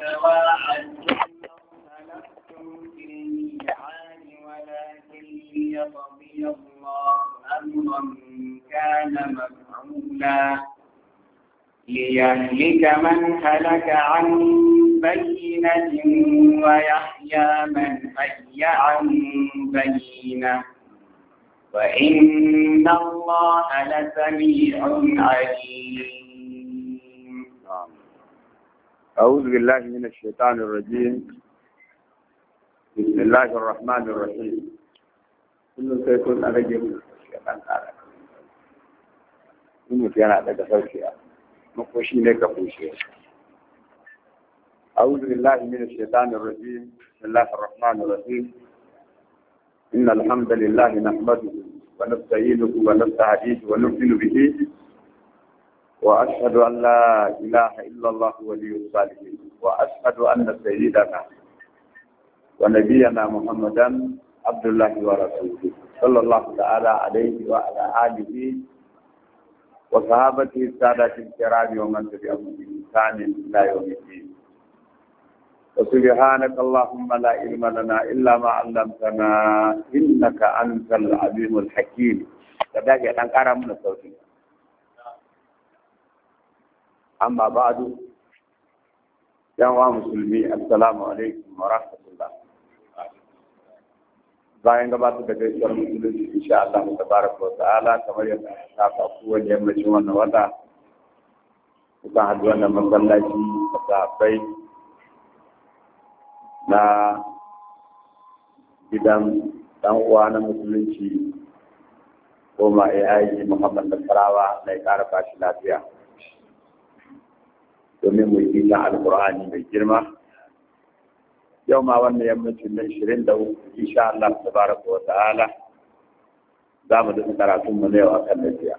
في ولكن الله امرا كان مفعولا ليهلك من هلك عن بينة ويحيى من حي عن بينة وإن الله لسميع عليم أعوذ بالله من الشيطان الرجيم بسم الله الرحمن الرحيم كل سيكون على من الشيطان تعالى إنه كان على دفوتها مقوشي لك قوشي أعوذ بالله من الشيطان الرجيم بسم الله الرحمن الرحيم إن الحمد لله نحمده ونستعينه ونستعينه ونؤمن به وأشهد أن لا إله إلا الله ولي الصالحين وأشهد أن سيدنا ونبينا محمدا عبد الله ورسوله صلى الله تعالى عليه وعلى آله وصحابته السادة الكرام ومن تبعهم بإحسان إلى يوم الدين وسبحانك اللهم لا علم لنا إلا ما علمتنا إنك أنت العليم الحكيم. Kadang-kadang karam na sautin. amma a duk wa musulmi assalamu alaikum wa rahmatullah bayan gabatar da gaisuwar musulunci insha Allah mu tabaraka wa ta'ala kamar yadda ta fa kowane yammacin wannan wata kusan haɗu wannan masallaci da tafai, na gidan dan uwa na musulunci ko ma AI Muhammad Nasarawa na ya ƙara fashi lafiya. domin mu yi ta alƙur'ani mai girma yau ma wannan yammacin nan shirin da uku insha Allah tabaraka wa ta'ala za mu dafa karatun mu ne a kan lafiya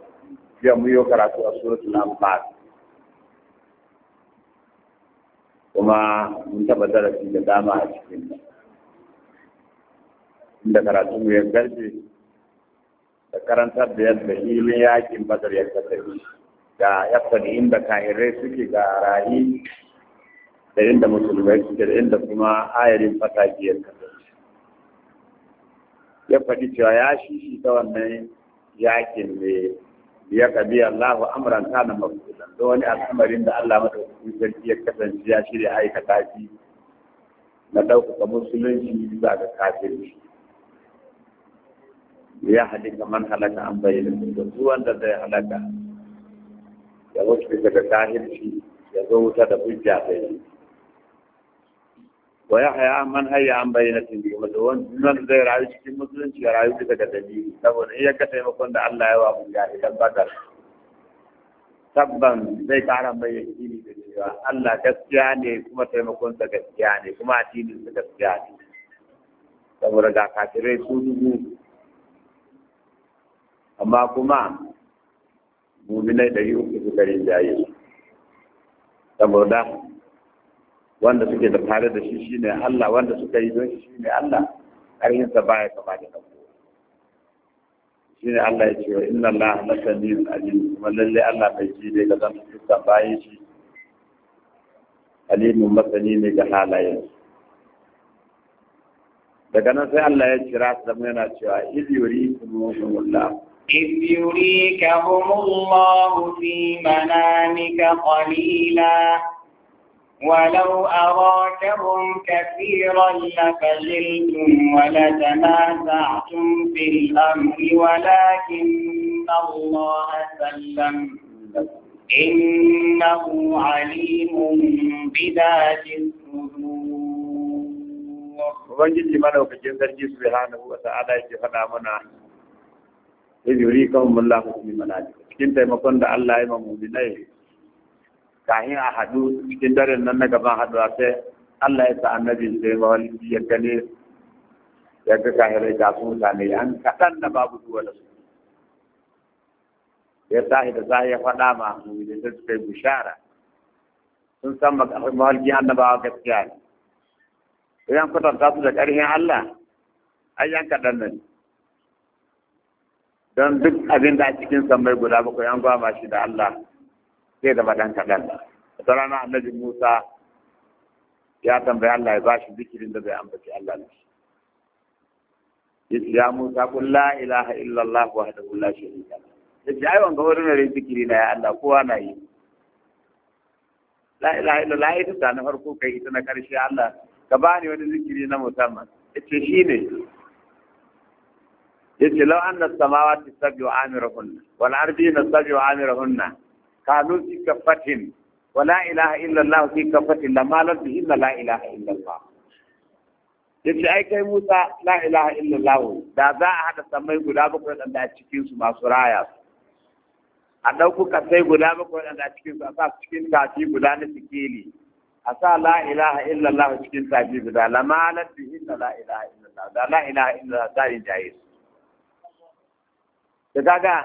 yau mu yi karatu a na amfani. kuma mun taba darasi da dama a cikin nan inda karatu mu ya garje da karantar da yadda ilimin yakin bazar ya kasance ga yadda inda kahirai suke ga da inda musulmai suke da inda kuma ayarin fata biyar ya faɗi cewa ya shi ta wannan yakin ne ya kabi Allahu amran na mafulan da wani al'amarin da Allah madaukakin sarki ya kasance ya shirya aikata shi na ɗaukaka musulunci ba ga kafirci ya haɗi kamar halaka an bayyana da su wanda zai halaka ya wuce daga kahirci ya zo wuta da hujja ta yi wa ya haya man hayya an bayyana tun biyu wanda wannan zai rayu cikin musulunci ya rayu daga daga dalili saboda in ya ka taimakon da Allah ya wa ya idan bakar tabban zai kara mai yakini da cewa Allah gaskiya ne kuma taimakon sa gaskiya ne kuma addinin sa gaskiya ne saboda ga kafirai su dubu amma kuma muminai ɗari uku su ɗari su saboda wanda suke da tare da shi shine Allah wanda suka yi don shi shine Allah ƙarfinsa baya kama da kanku shine Allah ya ce wa inna Allah la samiyun alim kuma lalle Allah bai ji dai ga zan fuska bayan shi alimun masani ne ga halayen su daga nan sai Allah ya إذ يريكهم الله في منامك قليلا ولو أراكهم كثيرا لفزلتم ولتنازعتم في الأمر ولكن الله سلم إنه عليم بذات الصدور ubangiji madaukakin sarki su subhanahu wa ta'ala yake faɗa mana ya yuri kan mullahu bi mana cikin taimakon da Allah ya mamu dinai kahin a hadu cikin daren nan na gaban hadu a sai Allah ya sa annabi sai mawali ya gane ya ga kahirai da su mutane an kadan da babu duwala su ya sahi da sahi ya faɗa ma mu da suka yi bushara sun san mahalki annabawa gaskiya ne idan kwatanta su da ƙarfin Allah Ai yan kaɗan nan don duk abin da a cikin sammai guda bakwai an gwama shi da Allah sai da baɗan kaɗan da rana annabi Musa ya tambayi Allah ya bashi zikirin da bai ambaci Allah ne shi. ya Musa kun la ilaha illa Allah wahdahu la sharika lahu ya yi wanga wurin ne zikiri na ya Allah kowa na yi la ilaha illallah, Allah ita ta na farko kai ita na karshe Allah ka ni wani zikiri na musamman yace ne. yace law anna samawati ta amirahunna wal Amira, sab'u amirahunna kanu fi kafatin wa la ilaha illa allah fi kafatin lama la illa la ilaha illa allah yace ai kai Musa la ilaha illa allah da za a hada samai guda bakwai da cikin su masu raya su a ɗaukuka kasai guda bakwai waɗanda a cikin su a sa cikin kafi guda na sikeli a sa la ilaha illallah cikin tafi guda la ma bi illa la ilaha illallah da la ilaha illallah ta yi da kaga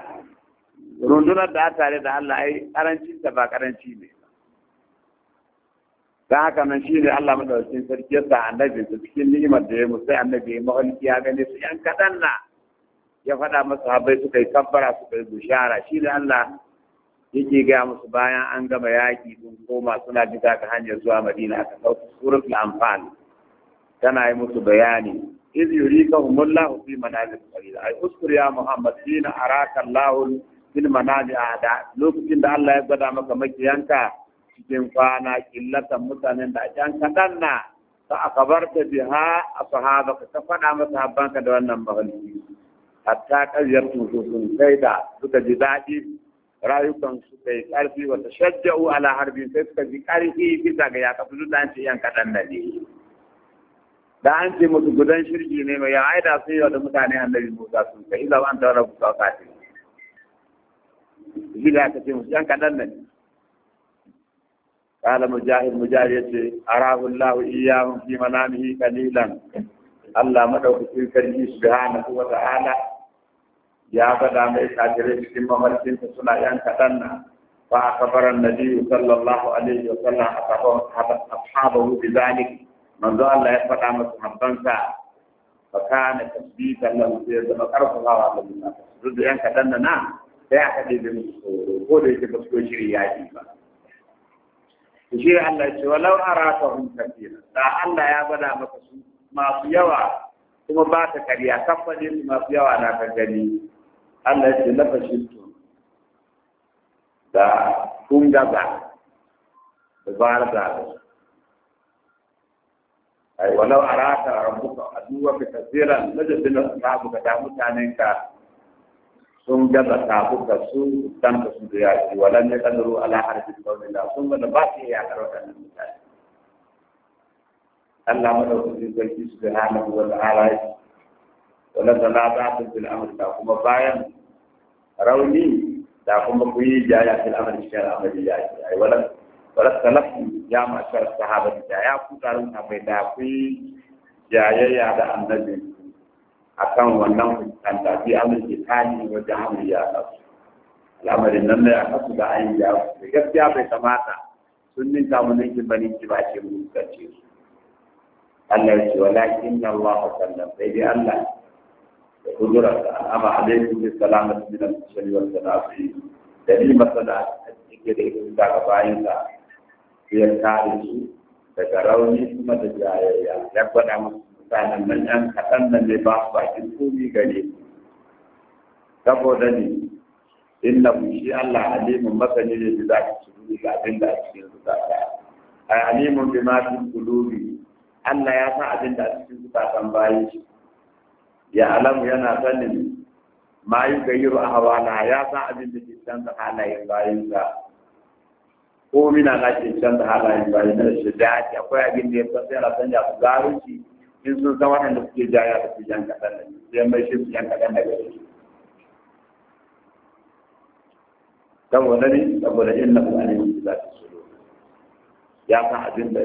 rundunar da tare da Allah ai karanci ta ba karanci ne dan haka nan shi ne Allah madaukakin sarki ya sa annabi su cikin ni'imar da ya mu sai annabi ya mahalki ya gane su yan kadan na ya faɗa masa habai suka yi kabbara suka yi bushara shi ne Allah yake gaya musu bayan an gama yaƙi sun koma suna jiga ka hanyar zuwa madina aka sauki surufin amfani tana yi musu bayani iz yurika humullahu fi manazil qalila ay uskur ya muhammad hina araka allah fil manazil ada lokacin da Allah ya gwada maka makiyanka cikin kwana killatan mutanen da can kadan na fa akabarta biha ashabaka ka fada masa habbanka da wannan mahalli hatta kayyar sun sai da suka ji daɗi rayukansu kai ƙarfi wa ta shajja'u ala harbin sai suka ji ƙarfi bisa ga ya kafin da an ce yan kaɗan da ne. Da an ce musu gudan shirji ne mai yawa, ai da sun yau da mutane annabi Musa sun kai, ila ba an taura ku kawo kafi. Shi da aka ce musu yan kaɗan da ne. Kala Mujahid Mujahid ya ce, Arahullahu iya mun fi manamihi kalilan, Allah maɗaukakin karfi su da hana kuma ta'ala. ala. ya faɗa mai kafirai cikin mamarkinsa suna yan kaɗan na fa akabara nabiyyu sallallahu alaihi wa sallam A ashabahu bi zalik manzo Allah ya faɗa masa habbansa fa kana tasbitan lahu sai zama karfafawa ga Allah duk da yan kaɗan na ah, sai aka ɗebe musu ko da yake ba su shiri yaƙi ba shi Allah ya ce walau aratahum kathira da Allah ya bada masa su masu yawa kuma ba ta kariya kamfanin masu yawa na ka gani Allah ya ce lafashin tun da kun gaza da bar da ai walau araka rabbuka aduwa ka kaseeran lajadin rabbuka da mutanen ka sun gaza tafuka su tanka su da yaki walan ya kadaru ala harfi kaunila sun ga da ba su iya karwata nan mutane Allah madaukakin sarki subhanahu wa ta'ala wala tanabatu bil amri kuma bayan rauni da kuma ku yi jaya fil amali cikin amali ya yi ai wala wala salaf ya shar sahaba da ya ku ta bai da ku yi jayayya da annabi akan wannan fuskanta fi amurki tani wa amurki ya kasu al'amarin nan ne ya kasu da an ya gaskiya bai kamata sun ninka mu ninki bani ki ba ce mu kace su Allah ya ce walakin Allah sallam sai dai Allah da kudura da al'ama alaikum bi salamati min al-shari wal tanafi da da bayan da ya kare daga rauni kuma da jayayya ya gwada musu mutanen nan yan kaɗan bakin komi saboda inna shi Allah alimun masani ne abin a cikin zukata bi ya sa bayan shi ya alamu yana sanin ma yi gayyaru a na ya san abin da ke canza halayen bayan sa ko mina na ke canza halayen bayan da shi da ake akwai abin da ya san yana ya su garunci in sun san waɗanda suke jaya da su yan kaɗan da sai mai shi su yan kaɗan da gare shi saboda ne saboda na ku alimin da za su sulu ya san abin da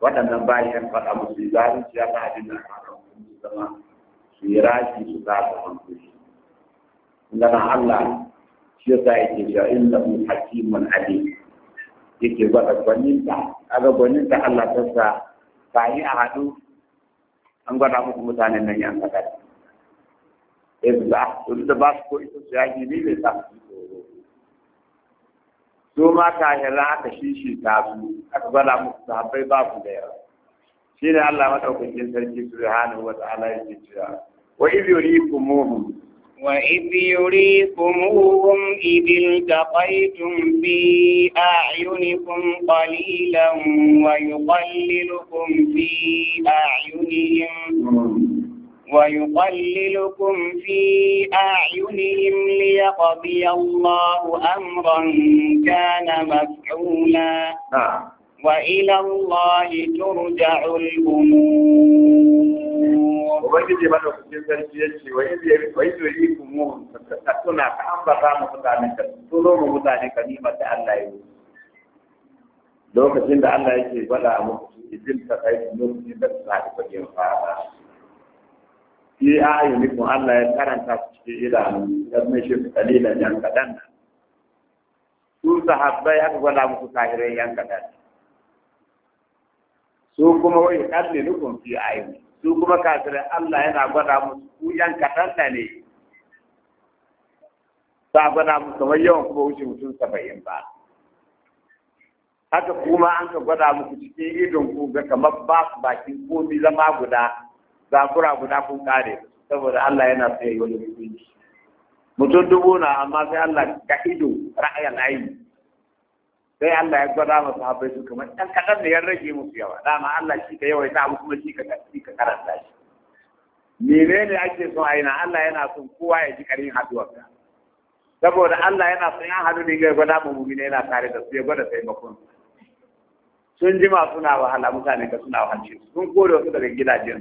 waɗannan bayan faɗa musu garunci ya san abin da musu zama su yi rashi su za su hanku shi ngana Allah shi yasa yake cewa inna hu hakimun alim yake gwada gwaninta aga gwaninta Allah ta sa ba yi a haɗu an gwada muku mutanen nan yan kada yanzu ba eh, su da ba su ko ita su yaki ne bai sa su tsoro su ma kahira aka shishi ta su aka gwada muku sahabbai ba su da yawa shi ne Allah maɗaukakin sarki subhanahu wa ta'ala yake cewa wa idh yurikumuhum wa idh yurikumuhum idh taqaytum fi a'yunikum qalilan wa yuqallilukum fi a'yunihim ويقللكم في أعينهم ليقضي الله أمرا كان مفعولا وإلى الله ترجع الأمور وبنجي بنا lokacin da Allah yake gwada muku idin ta kai lokacin da ta haɗu bakin fara fi ayyunikum Allah ya karanta su cikin idanu ya mai shi kalilan yan kaɗan su sahabbai aka gwada muku kahirai yan kaɗan su kuma wai kalli nukun fi aini su kuma kasirin Allah yana gwada musu ku yan kaɗan ne ta gwada musu kamar yawan kuma wuce mutum saba'in ba haka kuma an ka gwada musu cikin idon ku ga kamar ba su bakin komi zama guda zakura guda kun kare saboda Allah yana tsaye wani mutum dubu na amma sai Allah ka ido ra'ayin aini sai Allah ya gwada masu haɓe su kamar ɗan kaɗan da ya rage musu yawa dama Allah shi ka yawaita abu kuma shi ka karanta shi ne ake son a yana Allah yana son kowa ya ji ƙarin haɗuwar ka saboda Allah yana son yan haɗu ne ga gwada mu mumina yana tare da su ya gwada taimakon sun ma suna wahala mutane ka suna wahalci sun kore wasu daga gidajen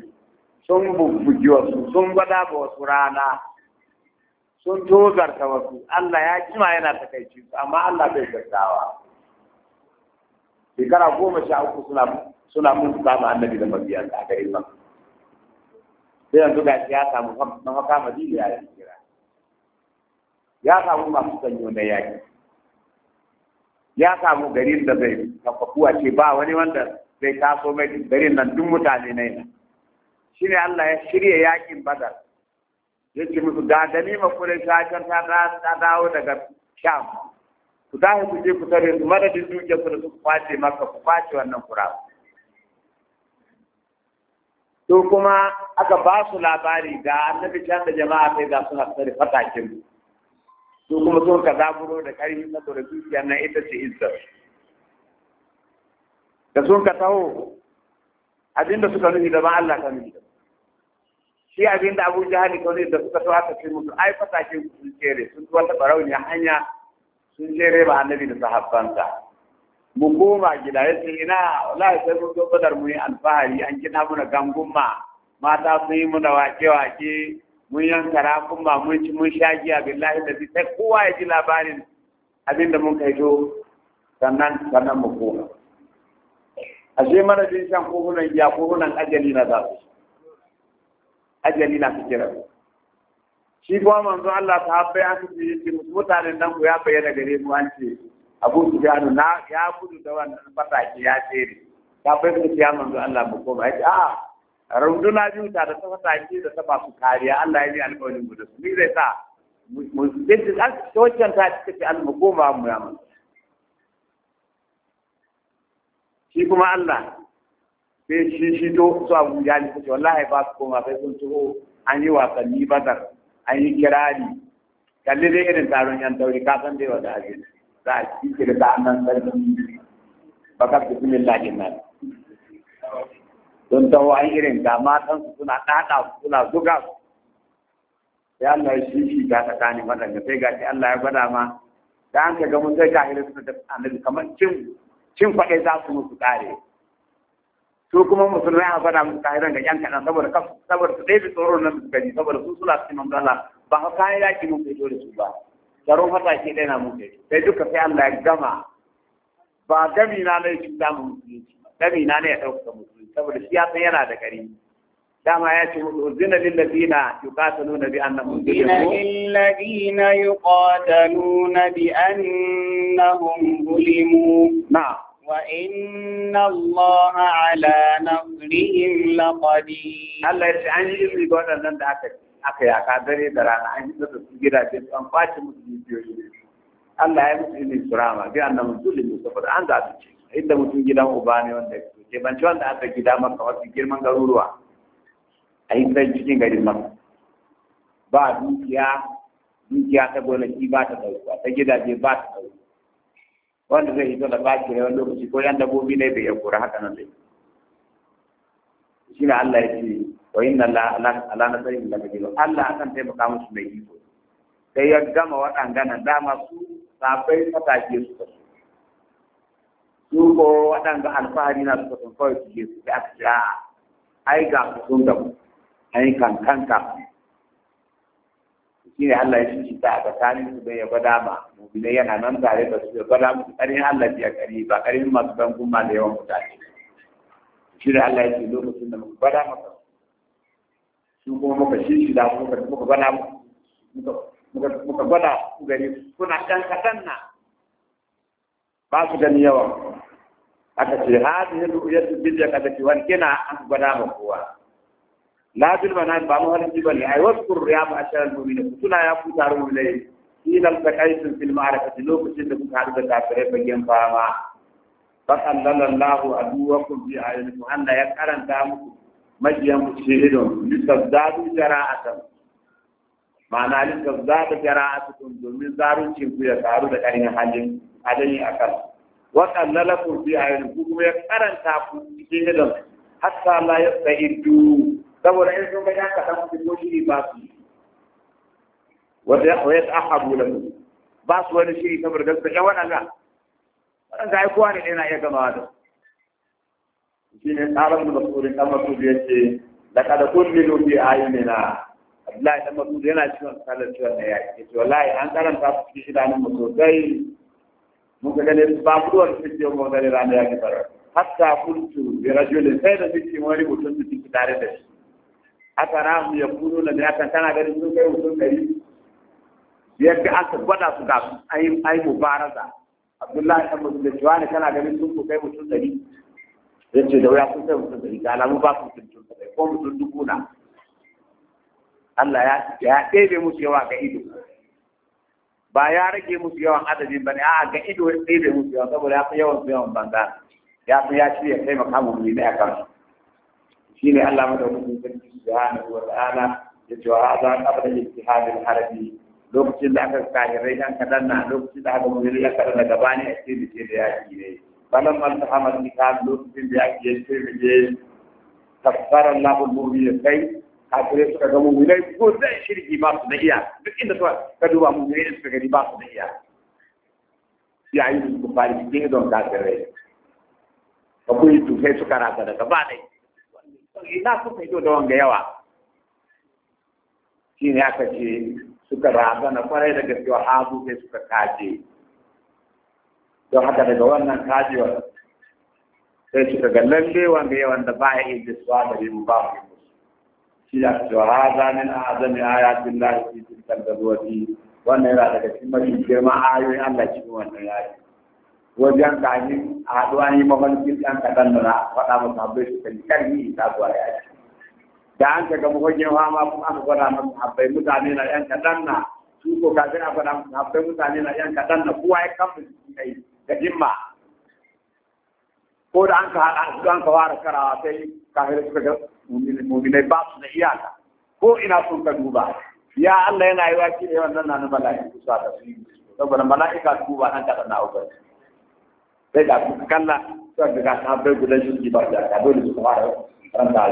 sun bubbugi wasu sun gwada ba wasu rana sun tozarta wasu Allah ya ma yana takaici amma Allah bai gaggawa shekara goma sha uku suna suna mun ma annabi da da a yi nan sai yanzu ga shi ya samu mafaka madina ya yi kira ya samu masu sanyo na yaki ya samu garin da zai kafafuwa ce ba wani wanda zai taso mai garin nan duk mutane na yana shi ne Allah ya shirya yakin badar ya ce musu ga ganima kuren shakar ta dawo daga sham ku za ku je ku tare su madadin duniya ku da suka kwace maka ku kwace wannan kura to kuma aka ba su labari ga annabi can da jama'a sai ga su hasari fatakin su kuma sun ka zaburo da karfi saboda dukiya na ita ce izzar da sun ka taho abinda suka nufi da ba Allah ka nufi da shi abinda Abu Jahal ka nufi da suka taho aka ce musu ai fatakin ku sun kere sun wata barauniya hanya sun je reba annabi da sahabbansa mu koma gida ya ce ina wallahi sai mun zo badar mu yi alfahari an kina muna gangumma mata sun yi muna wake-wake mun yanka rakunma mun ci mun sha giya billahi da sai kowa ya ji labarin abin da mun kai to sannan sannan mu koma ashe mana jin shan kohunan giya kohunan ajali na za su ajali na su kira shi kuma manzo Allah ta nan ku ya bayyana gare mu an ce Abu Sufyan na ya gudu da wannan fataki ya tsere ta bai ku ya manzo Allah mu koma yace a runduna biyu ta da ta fataki da ta ba su kariya Allah ya yi alƙawarin gudu ni zai sa mu ta ta mu koma mu ya manzo shi kuma Allah sai shi shi to su abu ya wallahi ba su koma sai sun tuho an yi wasanni bazar ainihin kirari kalli dai irin taron yan tauri ka san dai wata ake za a ci da ta annan sarki baka bismillah din nan don tawo an irin ga matan su suna dada suna zuga su sai Allah ya shi shi ga tsakani madanga sai shi Allah ya gwada ma da an ka ga mun sai ka hira suna da annabi kamar cin cin kwaɗai za su musu ƙare. su kuma musulmai a faɗa musu kayan ga yan kaɗan saboda kasu saboda su ɗaya tsoro nan su gani saboda su suna cikin manzo Allah ba ka kayan yaki mun fito da su ba tsaron fata ke ɗaya na mun sai duka sai Allah ya gama ba gami na ne cuta mu musulunci gami na ne ya ɗauka musulunci saboda shi ya san yana da gari dama ya ce uzina lillazina yuqataluna bi annahum zulimu lillazina yuqataluna bi annahum zulimu na'am وإن الله على نصرهم لقدير الله يسعى يجري قولا لن دعك أخي أكادري درانا عن an سجرة musu أنفاش مسلمين Allah ya mutu ne surama bi annan mutum ne saboda an za su ce inda mutum gidan uba ne wanda ce, ban ci wanda aka gida maka wasu girman garuruwa a yi sai cikin garin maka ba dukiya dukiya ta gonaki ba ta ɗauka ta gidaje ba ta ɗauka wanda zai hito da baki ne wani lokaci ko yan dabbobi ne bai ya kura haka nan zai shine Allah ya ce wa inna la ala nasari la kajiru Allah akan taimaka musu mai iko sai ya gama waɗanganan dama su safai fatake su kasu su ko waɗanda alfahari na su kasu kawai su je su ya ai ga su sun gabu ai kankan kafin shine Allah ya shi ta a tsakanin su bai ya gwada ma mu'minai yana nan tare da su ya gwada musu Karin Allah ya kari ba ƙarin masu ban kuma da yawan mutane shi da Allah ya ce lokacin da muka gwada maka su kuma muka shi shi da muka muka gwada muka muka gwada ku gari kuna ɗan kaɗan na ba su gani yawa. aka ce hadhihi ru'yatu bil yaqadati wan kina an gwada ma kowa la bil manan ba mu halin bane ai waskur ya ma'ashar al-mu'minin kutuna ya ku taru mu lai ilal taqaytum fil ma'rakati lokacin da kuka haɗu da kafirai bagen fama ya karanta muku majiyan ku ma'ana domin ku ya taru da ƙarfin halin halin akan saboda in sun ga ya kaɗan su ko shiri ba su wanda ya koya ahabu da mu ba su wani shiri saboda gaskiya ya wani Allah wanda ai kowa ne yana iya gamawa da shi ne tsarin da masurin dan masudu yace laqad kullu fi ayyina Abdullahi dan masudu yana ciwon kalar ciwon da ya ce wallahi an karanta su cikin idanun mu sosai muka gane ba kuduwar fiye mu gane ranar ya gifar hatta kuntu bi rajulin sai da cikin wani mutum da cikin tare da shi na ya kan tana ganin sun kai mutum ɗari yadda aka gwada su ga ai mubaraza abdullahi ibn mutum da jiwani kana ganin sun kai mutum ɗari yace da wuya sun kai mutum ɗari ga alamu ba su mutum ɗari ko mutum duku na Allah ya ya ɗebe musu yawa ga ido ba ya rage musu yawan adadin bane a'a ga ido ya ɗebe musu yawa saboda ya fi yawan yawan banza ya fi ya ya taimaka mu ne ya kansu shine Allah madaukakin sarki subhanahu wa ta'ala ya ce wa hadha qabla ijtihad harbi lokacin da aka kahirai dan kadan na lokacin da aka mulki ya kadan daga bani a cikin da ya yi ne balan man tahammad kitab lokacin da ya yi cikin da ya kafara Allah kai kafirai suka ga mu'minai ko zai shirki ba su da iya duk inda suka ka duba mu'minai suka gani ba su da iya ya yi su kufari cikin don kafirai ba ku yi tukai suka rasa daga ina suka yi da wanga yawa shi ne aka ce suka na kwarai da gaske wa hazu sai suka kaje don haka daga wannan kajewar sai suka ga lalle wanga yawan da ba ya yi jisuwa da rimu ba mu shi ya ce wa haza min azami ayatin lahi fi tilkal gazwati wannan yana daga cikin mafi girma ayoyin Allah cikin wannan yayi wajen da yi a haɗuwa yi mafarki ɗan kaɗan da na faɗa masa habbai su kan karni ta zuwa ya ce. Da an ka gama wajen fama kuma aka faɗa masa mutane na ‘yan kaɗan na su ko kafin a faɗa masa habbai mutane na ‘yan kaɗan na kowa ya kama su kai da jimma. Ko da an ka haɗa su an ka fara karawa sai kafin suka ga muminai ba su da ka Ko ina sun ka duba. Ya Allah yana yi wa ki da yawan nan na bala'i kusa da su. Saboda mala'ika su ba nan kaɗan na ubanci. sai ga su kalla suka ga ta bai gudan shirki ba da ka dole su da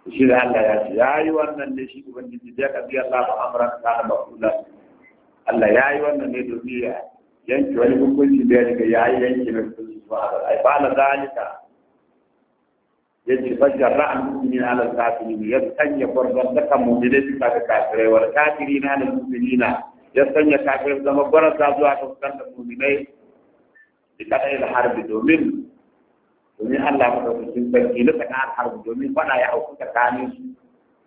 Allah ya ce ya yi wannan ne shi ubangiji da ya kabi Allah ba amran ta da makula Allah ya yi wannan ne ya yanke wani hukunci da ya riga ya yi yanke na hukunci ba ai ba la zalika yace fajar ra'an mu'minin ala kafirin yabtanya barzakan mu'minin ta kafirai wal kafirin ala mu'minina ya sanya kafirin zama barasa zuwa ta fuskantar muminai da kada yi harbi domin domin Allah ya kusa sun sarki na tsakanin harbi domin fada ya hauku tsakanin su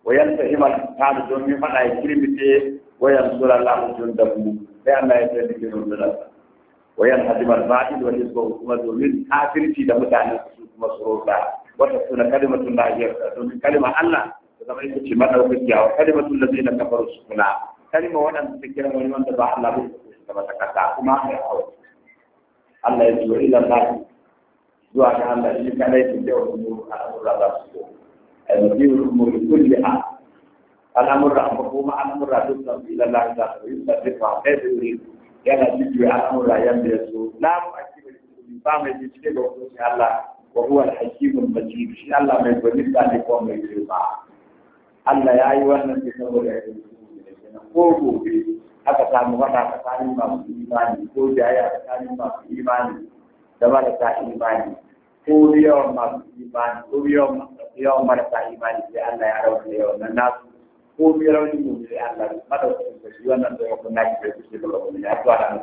wayan ta himal tabi domin fada ya kirmite wayan sura Allah jun da mu sai Allah ya tsaya cikin rundunar wayan hadimal ba'id wani isbu kuma domin kafirci da mutanen su kuma surota wata suna kalimatun lahiyar domin kalima Allah da zama ita ce madaukakiya wa kalimatun lazina kafaru sukuna kalma waɗanda suke kiran wani wanda ba Allah bai da mata kasa kuma ya hawa. Allah ya zuwa ila Allah zuwa ga Allah shi kadai ke da wani al'amura za su zo al-mudiru umuri a? al'amura amma kuma al'amura duk da ila Allah za su yi da rifa kai da wuri. yana cikin al'amura yanda ya so Na mu akibi ba mai cikin da wani Allah وهو الحكيم المجيد الله ما يقول لك ذلك وما يقول الله يا ya yi. ko gobe aka samu wata tsakanin masu imani ko jaya tsakanin masu imani da marasa imani ko yawan masu imani ko yawan marasa imani sai Allah ya rawa da yawan nan nasu ko mi rauni mu sai Allah madaukakin da shi wannan da yakun naki da shi da babu ya to Allah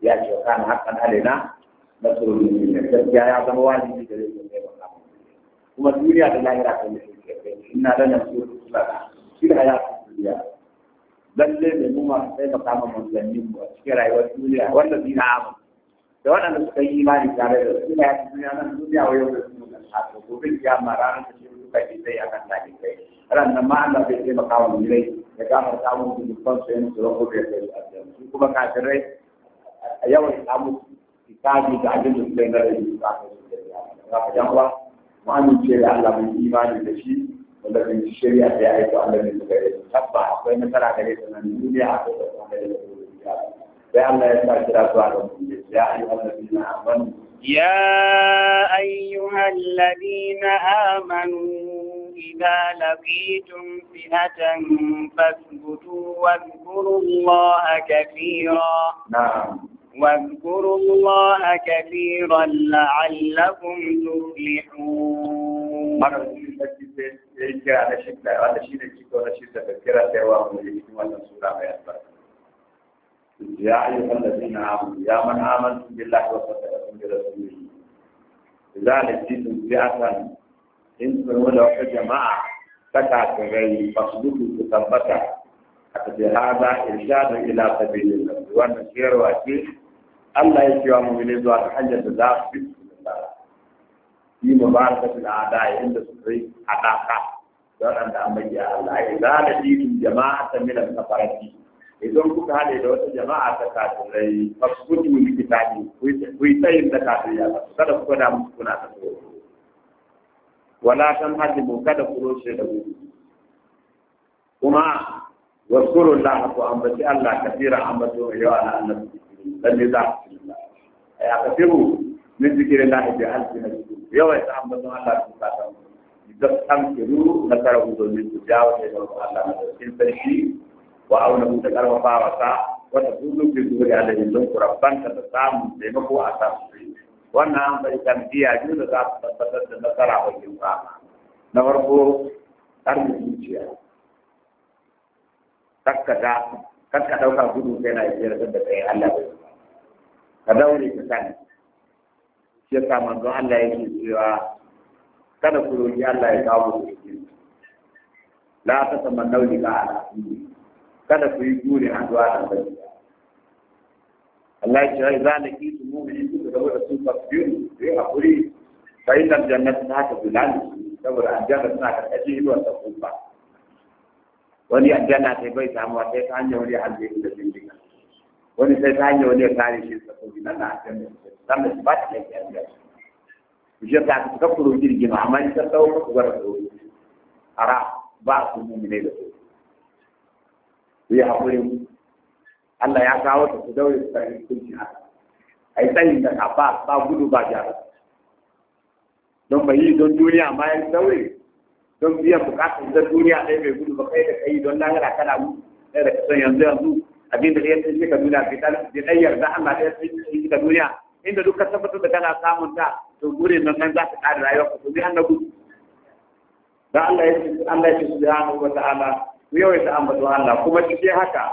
ya ce kana hakan alaina nasrul ne gaskiya ya zama wajibi da zai ne ba kuma duniya da lahira kan ne inna lana nasrul mu'minin shi da ya duniya lalle ne mu sai ka kama manzannin mu a cikin rayuwar duniya wanda zina amu da waɗanda suka yi imani tare da su da yafi duniya nan duniya wa yau da su da hato gobe kiyama ranar da shi suka yi sai akan tafi kai ranar ma Allah bai taimaka wa mu rai ya gama samun dukkan su yana tsoron ya kai aljanna su kuma kafirai a yawan samun kitabi da abin da suka yi na rai su ka su da ya ba ka jan uwa mu amince da Allah mun imani da shi والذي الشريعة يعرف أن آية من غير يا أيها الذين آمنوا يا أيها الذين آمنوا إذا لقيتم فئة فاثبتوا واذكروا الله كثيرا نعم واذكروا الله كثيرا لعلكم تفلحون sai kira na shi da wanda shi ne ciko na shi da kira sai wa mu yi cikin wannan sura mai albarka ya ayyuhal ladina amanu ya man amanu billahi wa saddaqakum bi rasulih idza laqitum fi'atan in tunu da wata jama'a ta kafirai fasbutu ku tabbata aka ce hada irshadu ila sabilillah wannan shirwa ce Allah ya ce wa mu'mini zuwa hanyar da za su ma fi mubarakatul a'da'i inda su kai hadaka waɗanda an bayyana Allah ai za da dinin jama'a ta milan kafarati idan kuka haɗe da wata jama'a ta kafirai fasbutu bi kitabi ku yi tsayin da kafirai ya kada ku gwada musu kuna ta tsoro wala san tan mu kada ku roshe da mu kuma wasuru Allah ku ambaci Allah kafira ambato yawa na annabi dan ne za ku yi Allah ya kafiru min zikirin lahi bi alsinatikum yawan ta ambaton Allah su ka san da tamkiru na karabu domin su dawo da yawan Allah na cikin sarki wa auna mu da karfafawa sa wata kudu ke zuwa da alaihi don ta da taimako a sa su wannan an bai kan biya biyu da za su tabbatar da a wajen kama na farko karni zuciya gudu kai na iya da ka daure ka ya sa manzo Allah yake cewa kada ku roki Allah ya kawo ku cikin la ta tamannau ni ka kada ku yi gure addu'a da bai Allah ya ce za na ki su mu'minin su da wanda su fasbiru sai hakuri fa inna jannata ta ta bilal saboda aljanna tana karkashin ido ta kuma wani aljanna sai bai samu sai ta hanyar wani aljanna da bin wani sai ta hanyar wani ya kare shi da ko nan na ajiyar da da ta ba ta yake ajiyar su shi ta ka kuro jirgin amma ni ta tsawo ku gwara tsoro ara ba su mumine da su su yi haƙuri Allah ya kawo ta su daure su ta tsarin kunci haka a yi tsayin da ka ba ba gudu ba jara don bai yi don duniya ma ya daure don biyan bukatar da duniya ɗaya mai gudu ba kai da kai don lahira kana mu ɗaya da kasan yanzu yanzu abin da ya tsinci ka duniya fitar da ɗan yarda Allah da ya tsinci ka duniya inda duk ka tabbatar da kana samun ta to gure nan nan za ka ƙara rayuwa ku domin an nagu da Allah ya tsinci Allah ya tsinci subhanahu wa ta'ala ku yawaita ambato Allah kuma cikin haka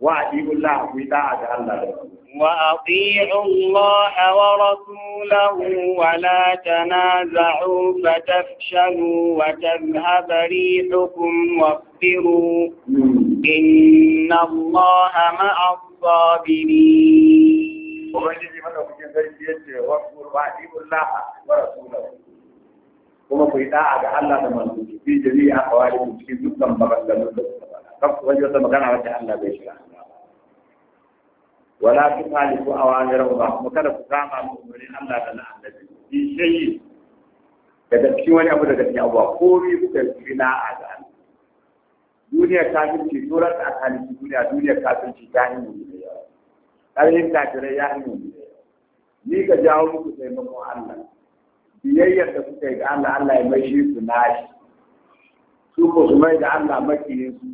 wa atiullah ku da'a ga Allah da wa ati'u Allah wa rasulahu wa la tanaza'u fatafshalu wa tadhhaba rihukum wasbiru إن الله مع الصابرين Ubangiji madaukakin sarki ya ce wa kurbatillah wa rasulahu kuma ku yi da'a da manzo fi jami'a kuma kada ku kama mu Allah da wani abu daga cikin abuwa ga Duniya kafirci tsoron da aka halittu duniya duniyar kafirci ta hanyar da yawa ƙarfin kafirai ya yi da yawa ni ka jawo muku taimakon Allah biyayyar da kuka yi ga Allah Allah ya mai shi su nashi su ko su mai da Allah makiyin su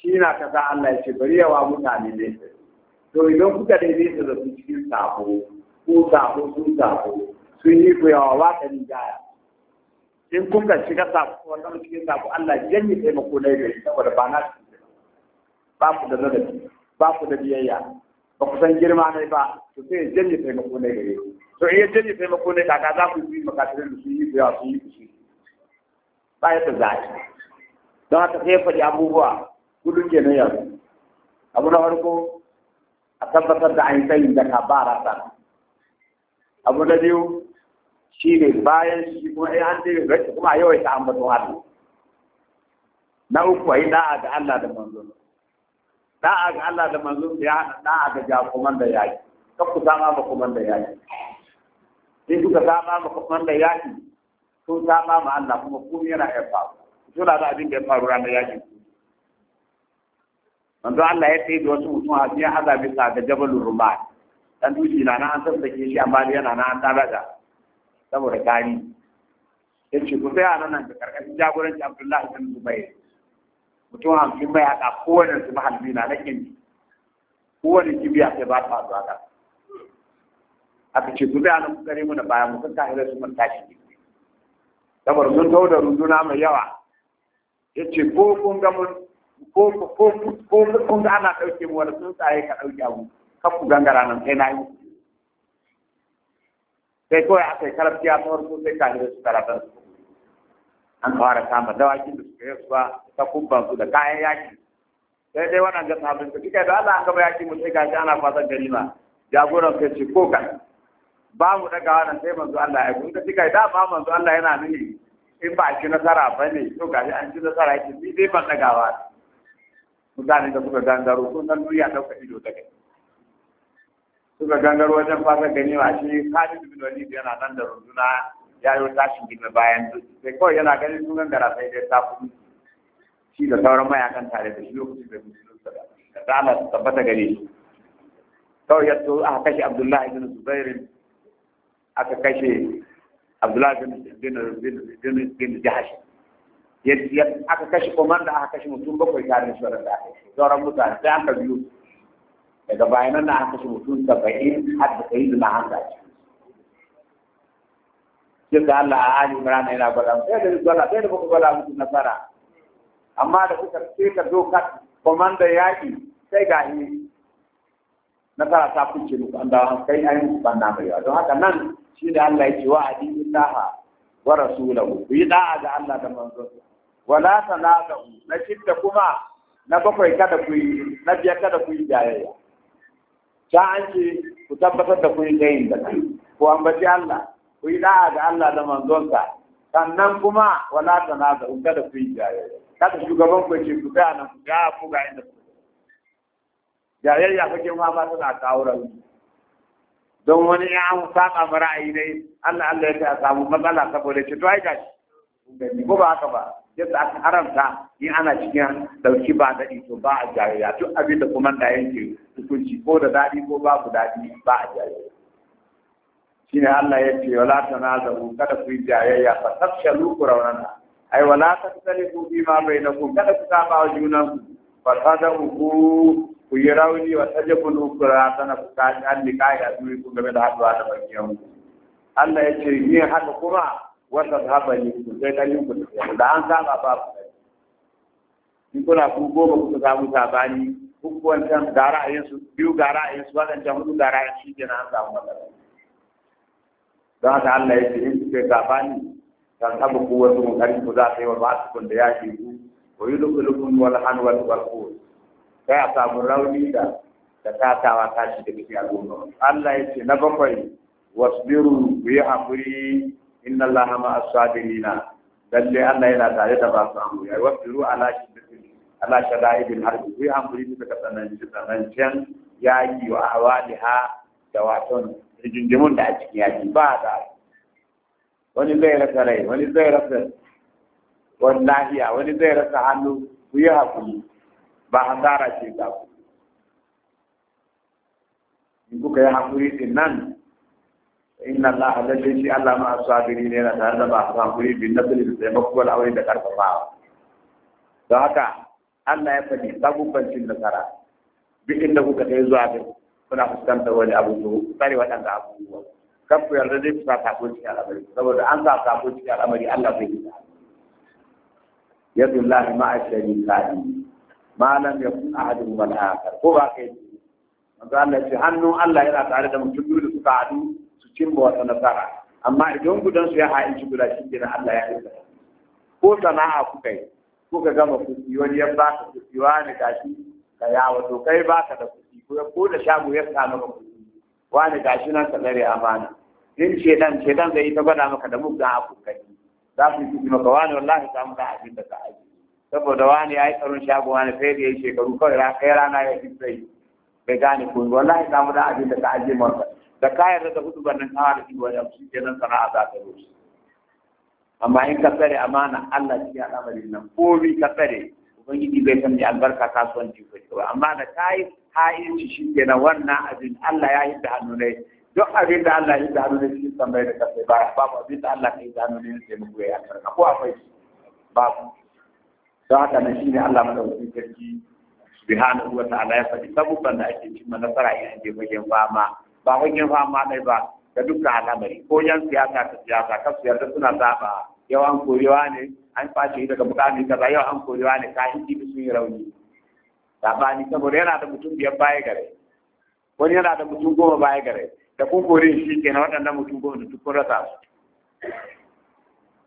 shi na kasa Allah ya ce bari yawa mutane ne to idan kuka daidaita da su cikin sabo ko sabo sun sabo sun yi ku yawa ba ta rigaya in kun ga shiga sako wannan cikin sako Allah janye taimako dai yake saboda ba na ba ku da ladabi ba ku da biyayya ba ku san girma ne ba to sai ya janye taimako dai yake to in ya janye taimako ne kaka za ku yi makasirin da su yi ku yawa su yi shi ba ya ta zaki don haka sai ya faɗi abubuwa gudun ke nan yanzu abu na farko a tabbatar da an yi sayin da ka ba rasa abu na biyu shi ne bayan shi kuma ya hante da rashi kuma a yawaita ambaton Allah na uku a yi da'a ga Allah da manzo da'a ga Allah da manzo ya hana da'a ga jakuman da yaki kar ku saba ma kuman da yaki in kuka saba ma kuman da yaki sun saba ma Allah kuma kuma yana ya faru suna da abin da ya faru ranar yaki manzo Allah ya tsaye da wasu mutum a biyan haza bisa ga jabalur rumat dan dushi na na an sassake shi amma yana na an tsara saboda gani ya ce ku sai a nan da karkashin jagoranci abdullahi bin zubai mutum hamsin bai haka kowane su mahalmi na na kinji kowane kibiya sai ba ta zuwa ka aka ce ku sai a nan ku kare mu da baya mu sun kahirar su manta shi ne saboda mun tau da runduna mai yawa ya ce ko kun ga mun ko ko ko kun ga ana ɗauke mu wani sun tsaye ka ɗauke abu kafu gangara nan sai na yi ko ya aka yi a ta farko sai kahirar su karatar su an kawara kama dawakin da suka yi ba ta kubban su da kayan yaki sai dai wannan ga sabin su kika da Allah an gaba yaki mu sai ga shi ana fatan ganima jagoran kai ce ko kai ba mu daga wannan sai manzo Allah ya kun ka kika da ba manzo Allah yana nuni in ba ki nasara ba ne to gashi an ci nasara yake ni dai ban dagawa mutane da suka gangaro sun nan duniya dauka ido daga suka gangar wajen fasa ganima shi Khalid bin Walid yana nan da runduna ya yi tashin girma bayan sai kawai yana ganin sun gangara sai dai ta kuma shi da sauran mayakan tare da shi lokacin da musulunta da dala su tabbata gare kawai ya tsoro kashe Abdullahi bin Zubairin aka kashe Abdullahi bin Jahash aka kashe komanda aka kashe mutum bakwai tare da aka sauran mutane sai aka biyu daga bayan nan aka shi mutum saba'in har da kai zuma an gaci sai da Allah a Ali Imran yana gwada sai da gwada sai da kuka gwada na nasara amma da kuka sai ka zo ka komanda yaƙi sai ga yi nasara ta fice muku an dawo kai an yi banna mai yawa don haka nan shi da Allah ya ce wa adini Allah wa rasulahu ku yi da'a ga Allah da manzonsa wala tanaza'u na shidda kuma na bakwai kada ku yi na biyar kada ku yi jayayya da an ce ku tabbatar da kun yi da kai ku ambaci Allah ku yi da'a ga Allah da manzonsa sannan kuma wala ta na da da ku yi jaye kada shugaban ku ce ku tsaya nan ku ga ku ga inda ku jayayya kake ma ba ta kawo rauni don wani ya an saka ma ra'ayi ne Allah Allah ya ta samu matsala saboda ce to ai gashi ko ba haka ba ya sa aka haramta in ana cikin dauki ba daɗi to ba a jariya duk abin da kuma da yake hukunci ko da daɗi ko babu daɗi ba a jariya shine Allah ya ce wala tanazaru kada ku yi jayayya fa tafshalu qurawna ai wala tasalifu bima bainakum kada ku saba wa junan fa tadahu ku yi rauni wa tajabulu qurawna ku ka an likai a su ku game da haduwa da bakiyan Allah ya ce ni haka kuma wata sahaba ne ku sai yi ku da an saba ba ku in kuna ku goma kuka samu sabani uku wancan ga ra'ayinsu biyu ga ra'ayinsu waɗancan hudu ga ra'ayin shi kenan an samu matsala don haka Allah ya ce in kuka sabani kan sabu ku wasu mu karin ku za ta yi wa ba su kun da ya ce ku Ko yi lukulukun wani hanwal wal kuwa sai a samu rauni da da ta tatawa tashi da cikin al'umma Allah ya ce na bakwai wasu wasbiru ku yi haƙuri inna allaha ma as-sabirina lalle Allah yana tare da basu amu ya wasiru ala shiddatin ala shada'ibil harbi ku hankuri bisa ka tsananci tsanancen yaƙi wa ahwaliha da waton rigingimun da a cikin yaƙi ba da wani zai rasa rai wani zai rasa wani lahiya wani zai rasa hannu ku yi hakuri ba hasara ce ga ku in kuka yi hakuri din nan inna allaha lalle shi allah ma asabiri ne na tare da ba su hankuri bin nasiri da taimako wal aure da karfafawa don haka allah ya faɗi sabubbancin nasara duk inda kuka kai zuwa kai kuna fuskantar wani abu tsare waɗanda abubuwa kan ku yarda zai fusa sako cikin al'amari saboda an sa sako cikin al'amari allah zai yi yadu lahi ma'a sharikati ma lam yakun ahadun wal akhar ko ba kai manzo Allah ya ce hannun Allah yana tare da mutum da suka haɗu ba wata nasara amma idan gudan su ya ha'inci guda shi kenan Allah ya rinka ko sana'a kuka yi kuka gama kuɗi wani ya ka kuɗi wani gashi ka yawo to kai ka da kuɗi ko da shago ya sa maka kuɗi wani gashi nan ka tsare amana din ce dan zai ta gwada maka da mugun kai za su yi maka wani wallahi za mu ga abin da ka aji saboda wani ya yi tsaron shago wani sai da ya yi shekaru kawai kai rana ya fi sai bai gane kuɗi wallahi za mu da abin da ka aji maka da kayar da hudu bannin kawo da shi wajen shi ke nan sana'a za ta rushe amma in ka tsare amana Allah shi ya al'amari nan bi ka tsare ubangiji zai san da albarka kasuwanci ko ba amma da kai ha'inci shi ke na wannan abin Allah ya yi da hannu ne duk abin da Allah ya yi da hannu ne shi san bai da kasai ba babu abin da Allah ya yi da hannu ne sai mu ya karka ko akwai babu don haka nan ne Allah madaukakin sarki subhanahu wa ta'ala ya faɗi sabukan da ake cin nasara yayin da fagen fama ba fagen fama ɗai ba da duka al'amari ko yan siyasa ta siyasa kan su yarda suna zaɓa yau an korewa ne an fashe daga mukami kaza yau an korewa ne ka hindi da sun yi rauni saɓani saboda yana da mutum biyar baya gare wani yana da mutum goma baya gare da kun kore shi na waɗannan mutum goma da tukun rasa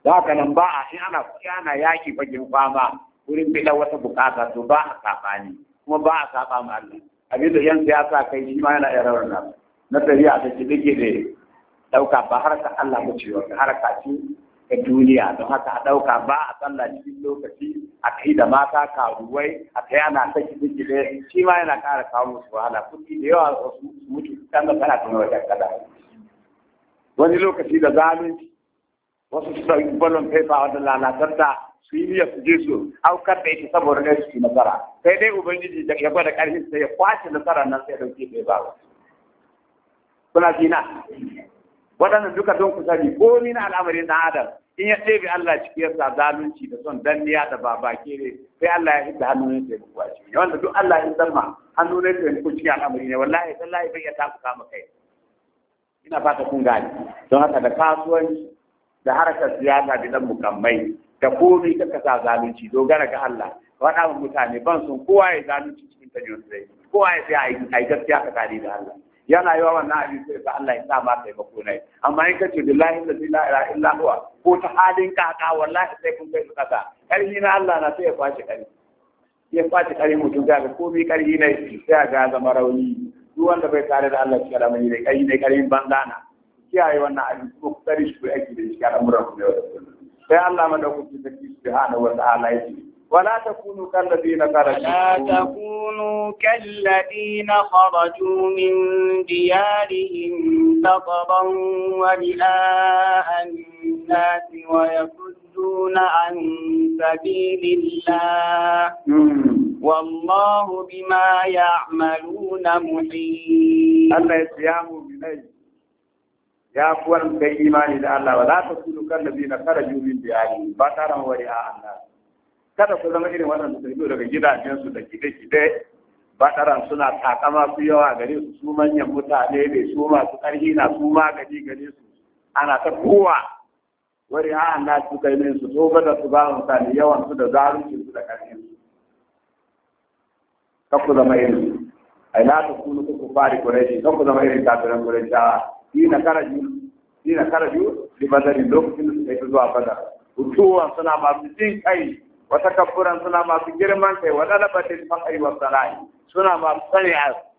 su da nan ba a in ana ana yaƙi fagen fama wurin biɗa wata bukata to ba a saɓani kuma ba a saɓa ma Allah abinda yan siyasa kai shi ma yana iya rawar nasu na a da ke ɗage da ɗauka ba ka Allah ba ce har ka ce ga duniya don haka a ɗauka ba a tsalla cikin lokaci a kai da mata karuwai a ta yana ta da shi ma yana ƙara kawo musu wahala kuɗi da yawa wasu mutu kan da kana tuna wajen kada wani lokaci da zalunci wasu su ɗauki balon faifa wanda lalatar da su yi niyyar su je su aukar da ita saboda ne su ci nasara sai dai ubangiji ya gwada ƙarfin sai ya kwace nasara nan sai ya ɗauke ba kuna zina. waɗannan duka don ku sani ni na al'amarin ɗan adam in ya ɗebe Allah cikin yasa zalunci da son danniya da babake ne sai Allah ya hidda hannun ya taimako a Yawan wanda duk Allah ya zama hannun ya taimako cikin al'amari ne wallahi sallahi Allah ya tafi kama kai ina fata kun gane don haka da kasuwanci da harkar siyasa da dan mukammai da komai ka kasa zalunci dogara ga Allah faɗa mutane ban sun kowa ya zalunci cikin tajiyar sai kowa ya sai a yi gaskiya tsakani da Allah yana wa wannan abin sai ga Allah ya sa ma kai bako nai amma in kace billahi la ilaha illa huwa ko ta halin ka ka wallahi sai kun kai ka karhi na Allah na sai ya kwashi kare ya kwashi kare mutum ga ko komai karhi ne sai ga zama rauni duk wanda bai tare da Allah shi da mai ne kai ne karin bandana kiyaye wannan abin ko kare shi ko aiki da shi amuran ku wannan sai Allah madaukakin sarki subhanahu wa ta'ala yake ولا تكونوا كالذين خرجوا لا تكونوا كالذين خرجوا من ديارهم تطرا ورئاء الناس ويصدون عن سبيل الله والله بما يعملون محيط يا اخوان كإيمان إلى الله ولا تكونوا كالذين خرجوا من ديارهم بطرا ورئاء الناس kada ku zama irin waɗanda su daga gidajensu da gide-gide baɗaran suna takama su yawa gare su su manyan mutane ne su masu ƙarfi na su magani gare su ana ta kowa wari a na su kai ne su so da su ba mutane yawan su da zarunci su da ƙarfin su ka ku zama irin ai na ta kunu ku fari kureshi ka ku zama irin kafiran kureshawa shi na karaju shi na karaju libadarin lokacin da su yi zuwa badar mutuwan suna masu jin kai wata kafuran suna masu girman kai wa dalabatin fahari wa sana'i suna masu sani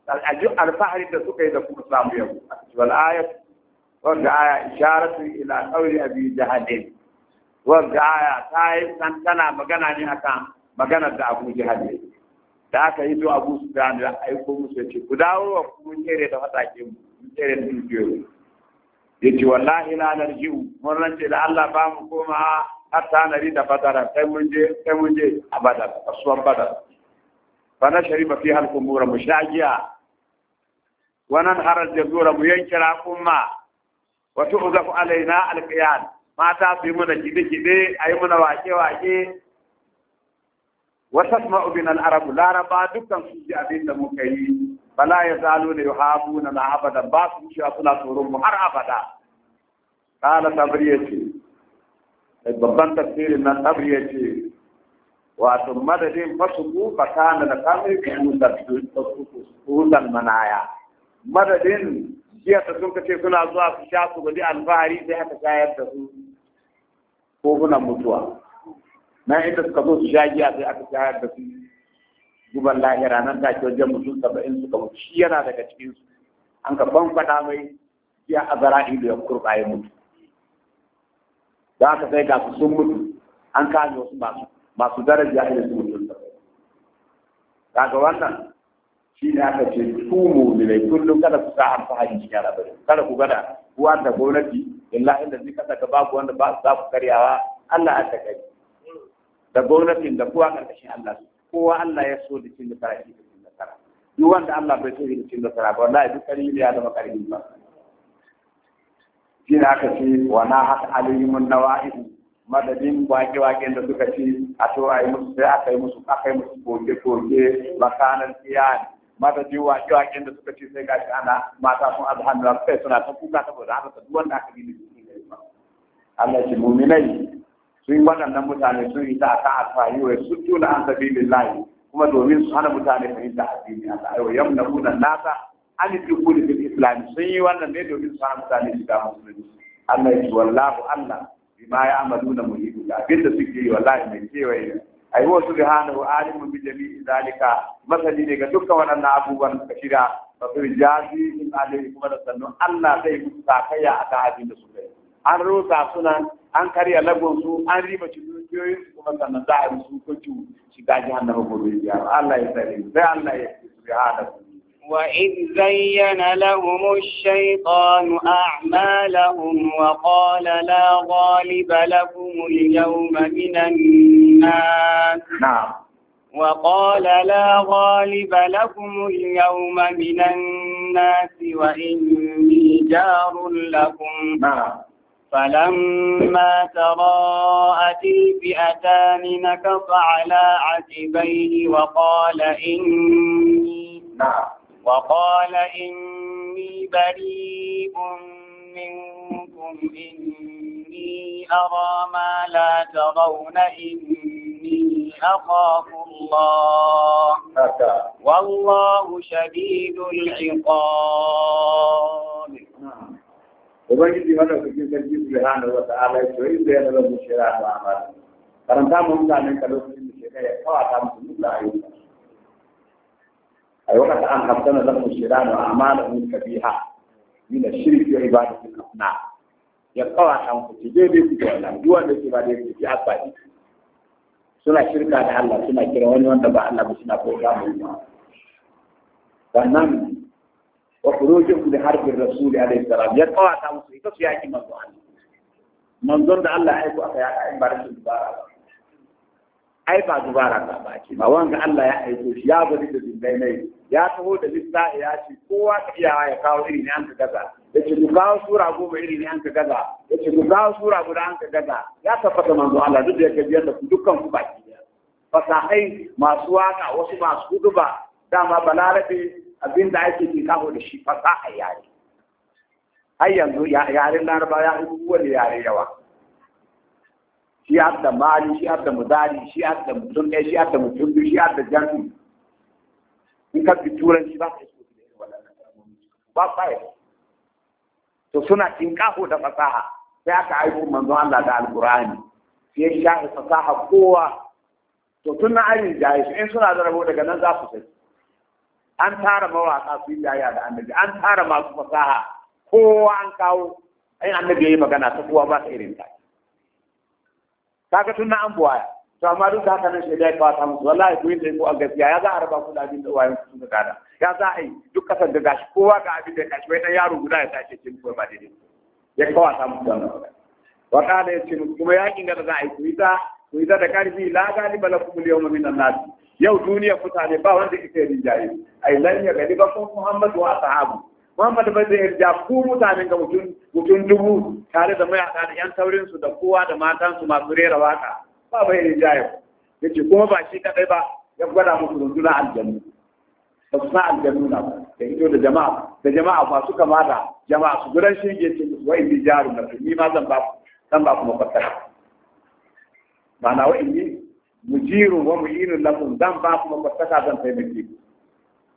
al'ajin alfahari da suka yi da kuma samu yau a cikin ayat wanda aya isharatu ila qawli abi jahadin wanda aya ta yi tantana magana ne akan magana da abu jahadin da aka yi to abu su da da aiko musu ya ce ku dawo wa ku kere da fatake mu kere da dukiyoyi ya ce wallahi la narji'u mun rance da Allah ba mu koma hatta na rida badara sai mun je sai mun je a badar badar sharifa fi halkun mura mu shagiya wannan harar da zura mu yanke raƙumma uga uzafu alaina alƙiyan mata su yi mana kide-kide a yi mana wake-wake watasma ubin al'arabu laraba dukkan su ji abin da muka yi bala ya zalo da yuhabu na na abada ba su a suna tsoron mu har abada kala sabri ya ce babban tafsirin nan tabri ya ce wato madadin fasuku fakana da kamar kuhutan manaya madadin jiya ta sun kace suna zuwa su sha su alfahari sai aka shayar da su kogunan mutuwa na inda suka zo su sha giya sai aka shayar da su guban lahira nan take wajen mutum saba'in suka mutu shi yana daga cikinsu an ka ban faɗa mai jiya a zara'i da ya kurɓa mutu da aka sai ga su sun mutu an kame wasu masu masu daraja irin su mutum daga wannan shi ne aka ce su mai kullum kada ku sa an fa hajji cikin rabari kada ku gada kuwa da gwamnati illa inda zai kasa ka babu wanda ba za ku karyawa Allah a takari da gwamnatin da kuwa karkashin Allah kowa Allah ya so da cin nasara shi da cin nasara duk wanda Allah bai so da cin nasara ba wallahi duk karimi ya zama karimi ba shi ne aka ce wa na haka alimun nawa'idu madadin wake-waken da suka ci a to a yi musu sai aka yi musu aka yi musu koke-koke makanan iyali madadin wake-waken da suka ci sai ga shi ana mata sun azhan da kai suna ta kuka ta bada haka ta wanda aka gini cikin gari ba Allah ce muminai sun waɗannan mutane sun yi ta akan alfahari wai sun tuna an lillahi kuma domin su hana mutane fahimta addini Allah Yau wa yamna nasa an duk kuli bil islam sun yi wannan ne domin su hana mutane shiga musulunci Allah ya wallahu Allah ma ya na muhibu da abinda suke yi wallahi mai kewaye ai huwa subhanahu alimu bi jami'i zalika masali ne ga dukkan waɗannan abubuwan da shirya ba su jazi in alai kuma da sannu Allah zai musu sakayya kan abin da suka yi an rusa suna an karya lagon su an riba ci dukiyoyin kuma sannan za a yi su kwanci shiga jihannama gobe biyar Allah ya tsare sai Allah ya subhanahu وإذ زين لهم الشيطان أعمالهم وقال لا غالب لكم اليوم من الناس نعم وقال لا غالب لكم اليوم من الناس وإني جار لكم نعم فلما تراءت الفئتان نكص على عتبيه وقال إني نعم وقال إني بريء منكم إني أرى ما لا ترون إني أخاف الله والله شديد العقاب نعم. وبين دي هذا في تجي سبحان الله تعالى شيء بين المشرع والعمل فرمتا من كان كلو في مشكله فاتام من الله أي وقت أن حسن لهم الشيطان وأعمالهم كبيرة من الشرك وعبادة الأصنام يقوى أنهم تجيبوا كتابنا دون الكبار في أبادي suna shirka da Allah suna kira wani wanda ba Allah ba suna bauta mai ba wa furujin da harbin rasul alaihi salam ya kawata musu ita su yaki manzo Allah manzon da Allah aiko aka ya ai barakin dubara ai ba dubara ba ba ce ba wanda Allah ya aiko shi ya bari da zingai mai ya taho da lissa ya ce kowa ka iya ya kawo iri ne an ka gaza ya ce ku kawo sura goma iri ne an ka gaza ya ce ku kawo sura guda an ka gaza ya tabbata manzo Allah duk da ya gajiyar da ku dukkan ku baki fasahai masu waka wasu masu guduba dama balarabe abin da ake ke kawo da shi fasaha yare har yanzu yaren laraba ya yi wani yare yawa shi har da mali shi har da mudari shi har da mutum ɗaya shi har da mutum biyu shi har da jami'i in ka turanci ba ka yi ba ba ya to suna tinkaho da fasaha sai aka aiko manzo Allah da alqur'ani sai ya shafi fasaha kowa to tun na ayin jayi in suna da rabo daga nan za su sai an tara mawaka su yi jaya da annabi an tara masu fasaha kowa an kawo ai annabi yayi magana ta kowa ba ta irin ta kaga tun na an buwaya to amma duk da haka nan shaida ya fata musu wallahi ku yi sai ko gaskiya ya za a raba ku da abin da wayan ku suka da ya za a yi duk kasar da gashi kowa ga abin da gashi wai dan yaro guda ya sace cin ko ba daidai ya kawata musu wannan wa kana ya ce kuma kuma yakin da za a yi ku yi ta ku yi ta da karfi la galiba lakum al-yawma min an-nas yau duniya mutane ba wanda yin rinjaye ai lan ya ba ko Muhammad wa sahabu Muhammad bai zai rinja ku mutanen ga mutum dubu tare da mayaka da yan taurin su da kowa da matan su masu rera waka ba bai rinjaye ya ce kuma ba shi kadai ba ya gwada musu rundunar aljanu ba su san aljanu na ba da ido da jama'a da jama'a ba su kamata jama'a su gudan shi ya ce wa inni jaru na ni ma zan ba ku. zan ba ku mafakkara ma'ana wa inni mujiru wa mu'inu lakum zan ba ku mafakkara zan taimake ku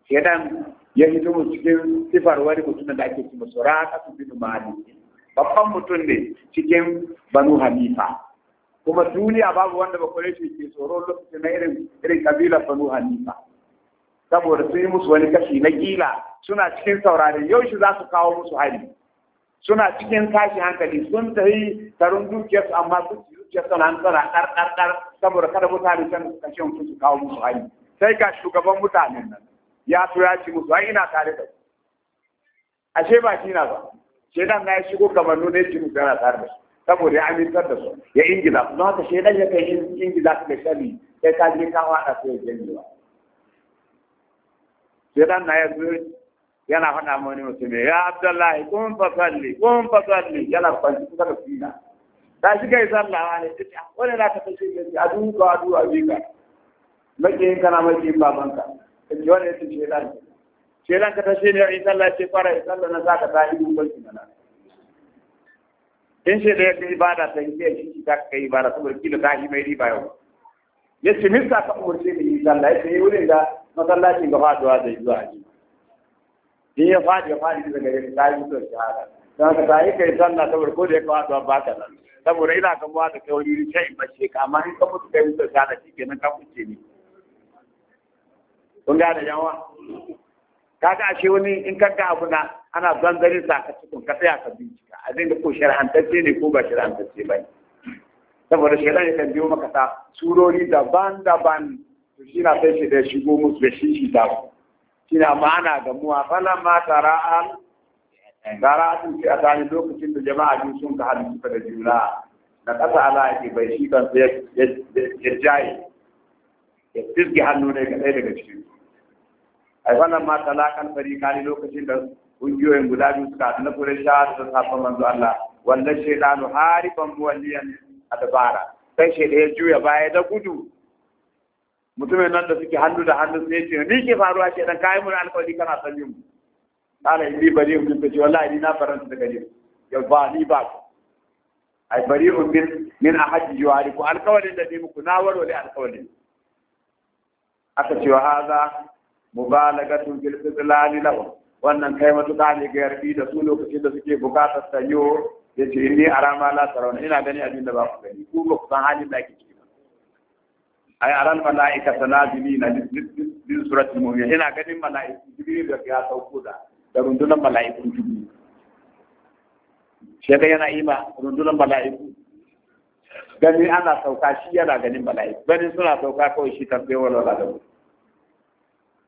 kenan ya hito mu cikin sifar wani mutum da ake kuma cewa suraka bin malik babban mutum ne cikin banu hanifa kuma duniya babu wanda ba shi ke tsoro lokacin na irin irin kabila banu hanifa saboda sun yi musu wani kashi na gila suna cikin saurare yau shi za su kawo musu hari suna cikin tashi hankali sun ta yi dukiyar dukiyarsu amma su ci zuciyar suna tsara ɗar ɗar ɗar saboda kada mutane can su kashe mutum su kawo musu hari sai ga shugaban mutanen nan ya so ya ci musu ai ina tare da su ashe ba shi na ba shedan na ya shigo kamar nuna ya ci musu yana tare da su saboda ya amintar da su ya ingiza su don haka shaidan ya kai ingiza su da shari sai ka je ka haɗa su ya janyewa shaidan na yanzu yana faɗa ma wani mutum ya abdullahi kun fasalli kun fasalli yana kwanci kusa da fina ta shi kai sallawa ne ah, wani na ka fashe ne a duka a duka a duka makiyin kana mace makiyin babanka kaji wani ya ce shaidan shaidan ka tashe ne a yi sallah ce fara yi sallah na za ka ta yi dubanci na nan in shi da yadda ibada ta yi zai shi ta kai ibada saboda kila ta yi mai riba yau ya ce min ka umarce da yi sallah ya ce eh, wurin da masallacin ga faduwa zai zuwa a jima in ya fadi ya fadi daga yadda ta yi zuwa shahada don haka ta yi kai sallah saboda ko da ya faduwa ba ka nan saboda ina kan ba da kauri ni sai ba ce amma in ka mutu kai zuwa shahada shi kenan ka kuce ni kun gane yawa kaga ashe wani in ka ga abu na ana zanzarin sa ka cikin ka tsaya ka bi abin da ko shar'antacce ne ko ba shar'antacce ba ne saboda shaidan ya kan maka ta surori daban-daban to shi na sai da shigo musu da shi shi ta shi na ma'ana ga muwa falan ma tara an gara a tunce a tsanin lokacin da jama'a biyu sun ka hadu suka da juna na ƙasa ala ake bai shi kan ya jaye ya fisge hannu ne ga ɗaya daga cikin ai wannan ma talakan fari kani lokacin da ƙungiyoyin guda biyu suka na na Quraysha da sahabban manzo Allah wannan shaydanu hariban muwalliyan adbara sai shaydan ya juya baya da gudu mutumin nan da suke hannu da hannu sai ce ni ke faruwa ke dan kai mun alƙawari kana sanin mu kana inni bari mun ce wallahi ni na faranta daga ni yau ba ni ba ai bari min min ahadi juwari ku alƙawarin da ni muku na warware alƙawarin aka ce wa haza mubalagatun fil istidlal lahu wannan kai matuƙa ne ga yarfi da su lokacin da suke buƙatar sanyo ya ce ni a rama la sarauna ina gani abin da ba ku gani ku ba ku san halin da ake ciki ba ai aran mala'ika tanazili na din suratul mu'min ina ganin mala'iku jibril da ya sauko da da rundunar mala'iku jibril shi yana ima rundunar mala'iku gani ana sauka shi yana ganin mala'iku gani suna sauka kawai shi tambayewar wala da mu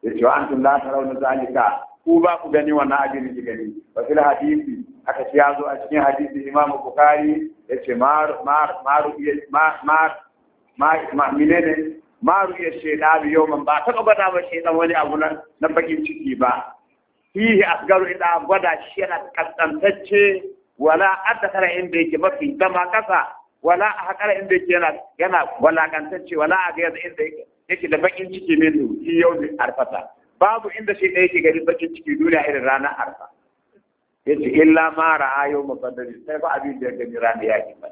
yace wa antum la tarawna zalika ku ba ku gani wannan ajiri ji gani wa fil hadisi aka ce yazo a cikin hadisi Imam Bukhari ya mar mar maru ma ma ma minene maru ya bi ba ta gwada ba shedan wani abu na na bakin ciki ba fihi asgaru ida gwada shi yana kaskantacce wala adakara inda yake mafi dama kasa wala a hakara inda yake yana yana walakantacce wala a ga yadda inda yake yake da bakin ciki ne to yau da arfata babu inda shi ɗaya ke gani bakin ciki duniya irin ranar arfa ya ce illa ma ra'a yau mafadari sai ba abin da ya gani ranar yaƙi ba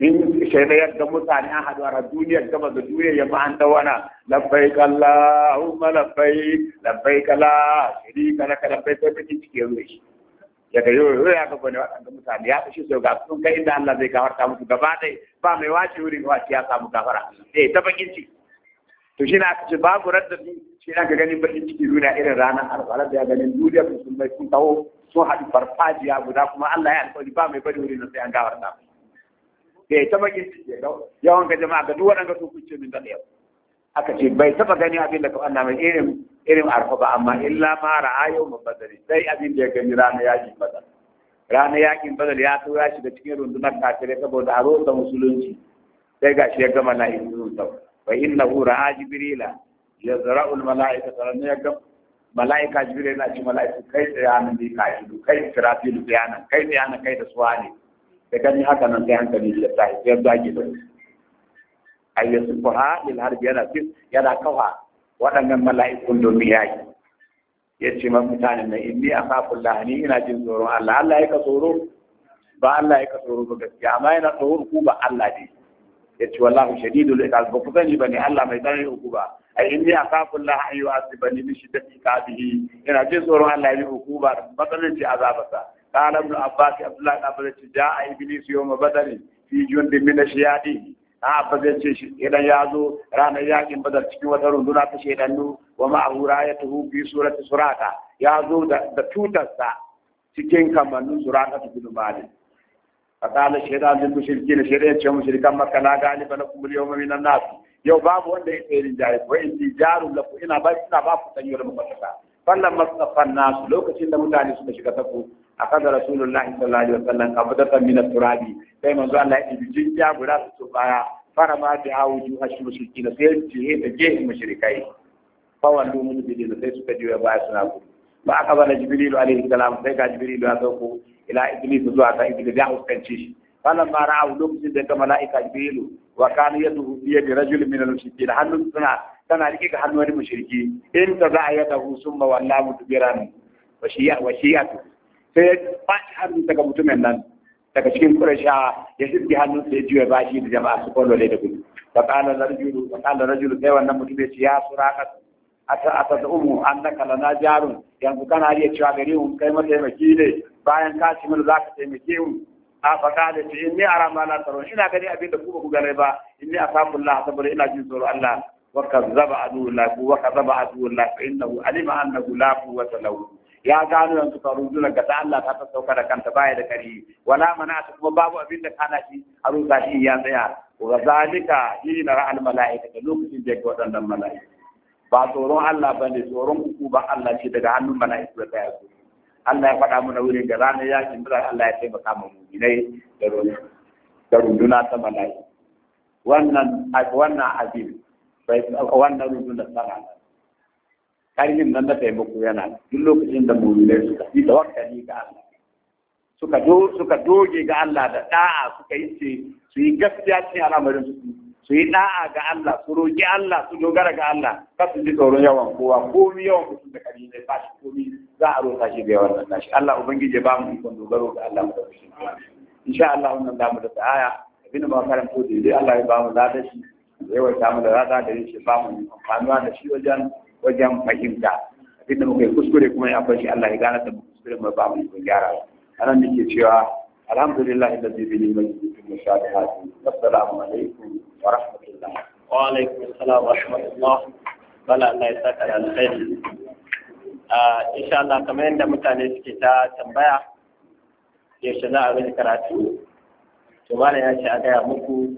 in shaida yadda mutane an haɗu a duniyar gama da duniyar ya an da wana labbai Allahumma labbai labbai kala shiri kala kala bai sai bakin ciki ya zuwa shi ya ga yau ya ga bane waɗanda mutane ya fi shi sau ga sun kai inda Allah zai gafarta musu gaba ɗaya ba mai wace wurin wace ya samu gafara eh ta bakin ciki to shi na aka ce babu raddadi shi na ka ganin bakin ciki duniya irin ranar alfarar da ya ganin duniya musulmai sun taho sun haɗu farfajiya guda kuma Allah ya alƙawari ba mai bari wuri na sai an gawar ta bai ta bakin ciki yawan ga jama'a ga duk waɗanda su kuce min da yau aka ce bai taɓa gani abin da ka wannan mai irin irin arfa ba amma illa ma ra'a yau mabadari sai abin da ya gani ranar yaƙin badar ranar yaƙin badar ya tura shi da cikin rundunar kafirai saboda a rosa musulunci sai gashi ya gama na irin sau fa innahu ra'a jibrila yazra'u al mala'ika sanan ya ga mala'ika jibril na ci mala'ika kai nan bi kai du kai da bayana kai tsayanan kai da suwani da gani haka nan sai hankali ya tashi sai zaki da ayyasu faha lil harbi yana fit yana kawa waɗannan mala'ikun domin yaƙi ya ce ma mutanen nan inni a kafin lahani ina jin tsoron Allah Allah ya ka tsoro ba Allah ya ka tsoro ba gaskiya amma yana tsoro ku ba Allah dai ya ce wallahu shadidul iqab ba ku bane Allah mai tsananin hukuma ai inni akafu Allah an yu'azzibani bi shiddati iqabihi ina jin tsoron Allah ya yi hukuma da matsalanci azabarsa قال ابن عباس عبد الله بن عباس جاء ابليس يوم بدر في جند من الشياطين Abbas ya ce idan ya zo ranar yakin baza cikin wata runduna ta shaidannu wa ma'ahura ya tahu bi surati surata ya zo da tutarsa cikin kamannin surata ta gudu malin فقال الشيطان للمشركين شريت يوم مشركا مكة لا غالب لكم اليوم من الناس يوم باب وانده يتيرين جارب وإني جار لكم إنا باب إنا باب تنير مقصفا فلما اصطفى الناس لو كتين متعني سنة شكتكو أخذ رسول الله صلى الله عليه وسلم قبضة من الترابي فإن زال الله إن جنجا براس السبايا فرما بها وجوه المشركين سيجيه تجيه المشركين فولوا من بدين سيسكتوا يبعثنا كله فأخبر جبريل عليه السلام سيكا جبريل هذا ila iblis zuwa ga iblis ya huskance shi falan ma ra'u lokacin da ga mala'ika jibilu wa kana yaduhu bi yadi rajul min al-mushrikin hannun suna tana rike ga hannun wani mushriki in ta za yadahu summa walla tubiran wa shi'a wa shi'atu sai ya fashi hannun daga mutumin nan daga cikin quraysha ya shirki hannun sai juya bashi da jama'a su kollo da gudu fa kana rajulu fa kana rajulu sai wannan mutum ya ci ya suraka ata umu annaka lana jarun yanzu kana iya cewa gare mu kai mataimaki ne bayan ka ci mana zaka taimake mu a faɗa da ce inni ara ma la ina gani abin da ku ba ku gane ba inni asafu Allah ina jin tsoro Allah wa kazzaba adu wa kazzaba fa innahu alima annahu la quwwata lahu ya gano yanzu ka rujuna ga ta Allah ta sauka da kanta baya da kari wala mana ta kuma babu abin da kana shi a rusa shi ya tsaya wa zalika hina ra'al mala'ika lokacin da ya ga wadannan mala'ika ba tsoron Allah ba ne tsoron uku ba Allah ce daga hannun mala'iku da ya Allah ya faɗa mana wurin da ranar yakin da Allah ya taimaka mu mu'minai da runduna ta wannan wannan abin wannan runduna karfin nan taimako yana duk lokacin da mu'minai suka ga Allah suka doge ga Allah da da'a suka yi ce su yi gaskiya cikin al'amarin su su yi da'a ga Allah su roƙi Allah su dogara ga Allah ka su ji tsoron yawan kowa komi yawan mutum da kari ne ba shi komi za a roƙa shi da yawan nan shi Allah ubangiji ba mu ikon dogaro ga Allah mu da shi sha Allah wannan da da sa'aya, abin da ba karanto da dai Allah ya ba mu ladan shi da yawan samu da rada da shi ba mu amfanuwa da shi wajen wajen fahimta abin da muka yi kuskure kuma ya fashi Allah ya gane da kuskure mu ba mu ikon gyara anan nake cewa alhamdulillah alladhi bi ni'matihi tusabbihatu assalamu alaikum wa rahmatullah wa alaikum salam wa rahmatullah bala Allah ya saka da alkhairi insha Allah kamar yadda mutane suke ta tambaya yaushe za a karatu to malam ya ce a gaya muku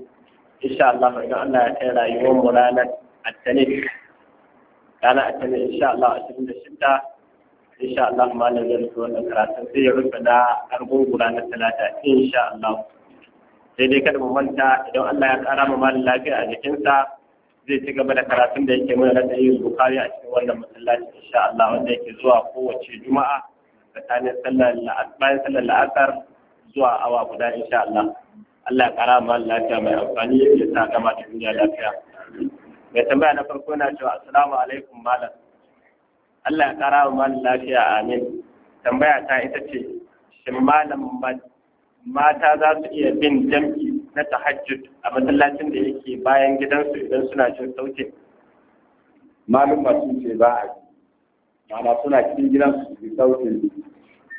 insha Allah idan Allah ya kai rayuwar mu ranar Altanin ranar Altanin insha Allah 26 insha Allah malam zai rufe wannan karatun sai ya rufe ranar Talata insha sai dai kada mu manta idan Allah ya kara mu malin lafiya a jikinsa zai ci gaba da karatun da yake mana da yin bukari a cikin wannan masallaci insha Allah wanda yake zuwa kowace juma'a tsakanin sallar bayan sallar la'asar zuwa awa guda insha Allah Allah ya kara mu lafiya mai amfani ya sa gama da duniya lafiya mai tambaya na farko na cewa assalamu alaikum malam Allah ya kara mu malin lafiya amin tambaya ta ita ce shin malam mata za su iya bin jam'i na tahajjud a masallacin da yake bayan gidansu idan suna cin sautin malum masu ce ba a mana suna cikin gidansu su sautin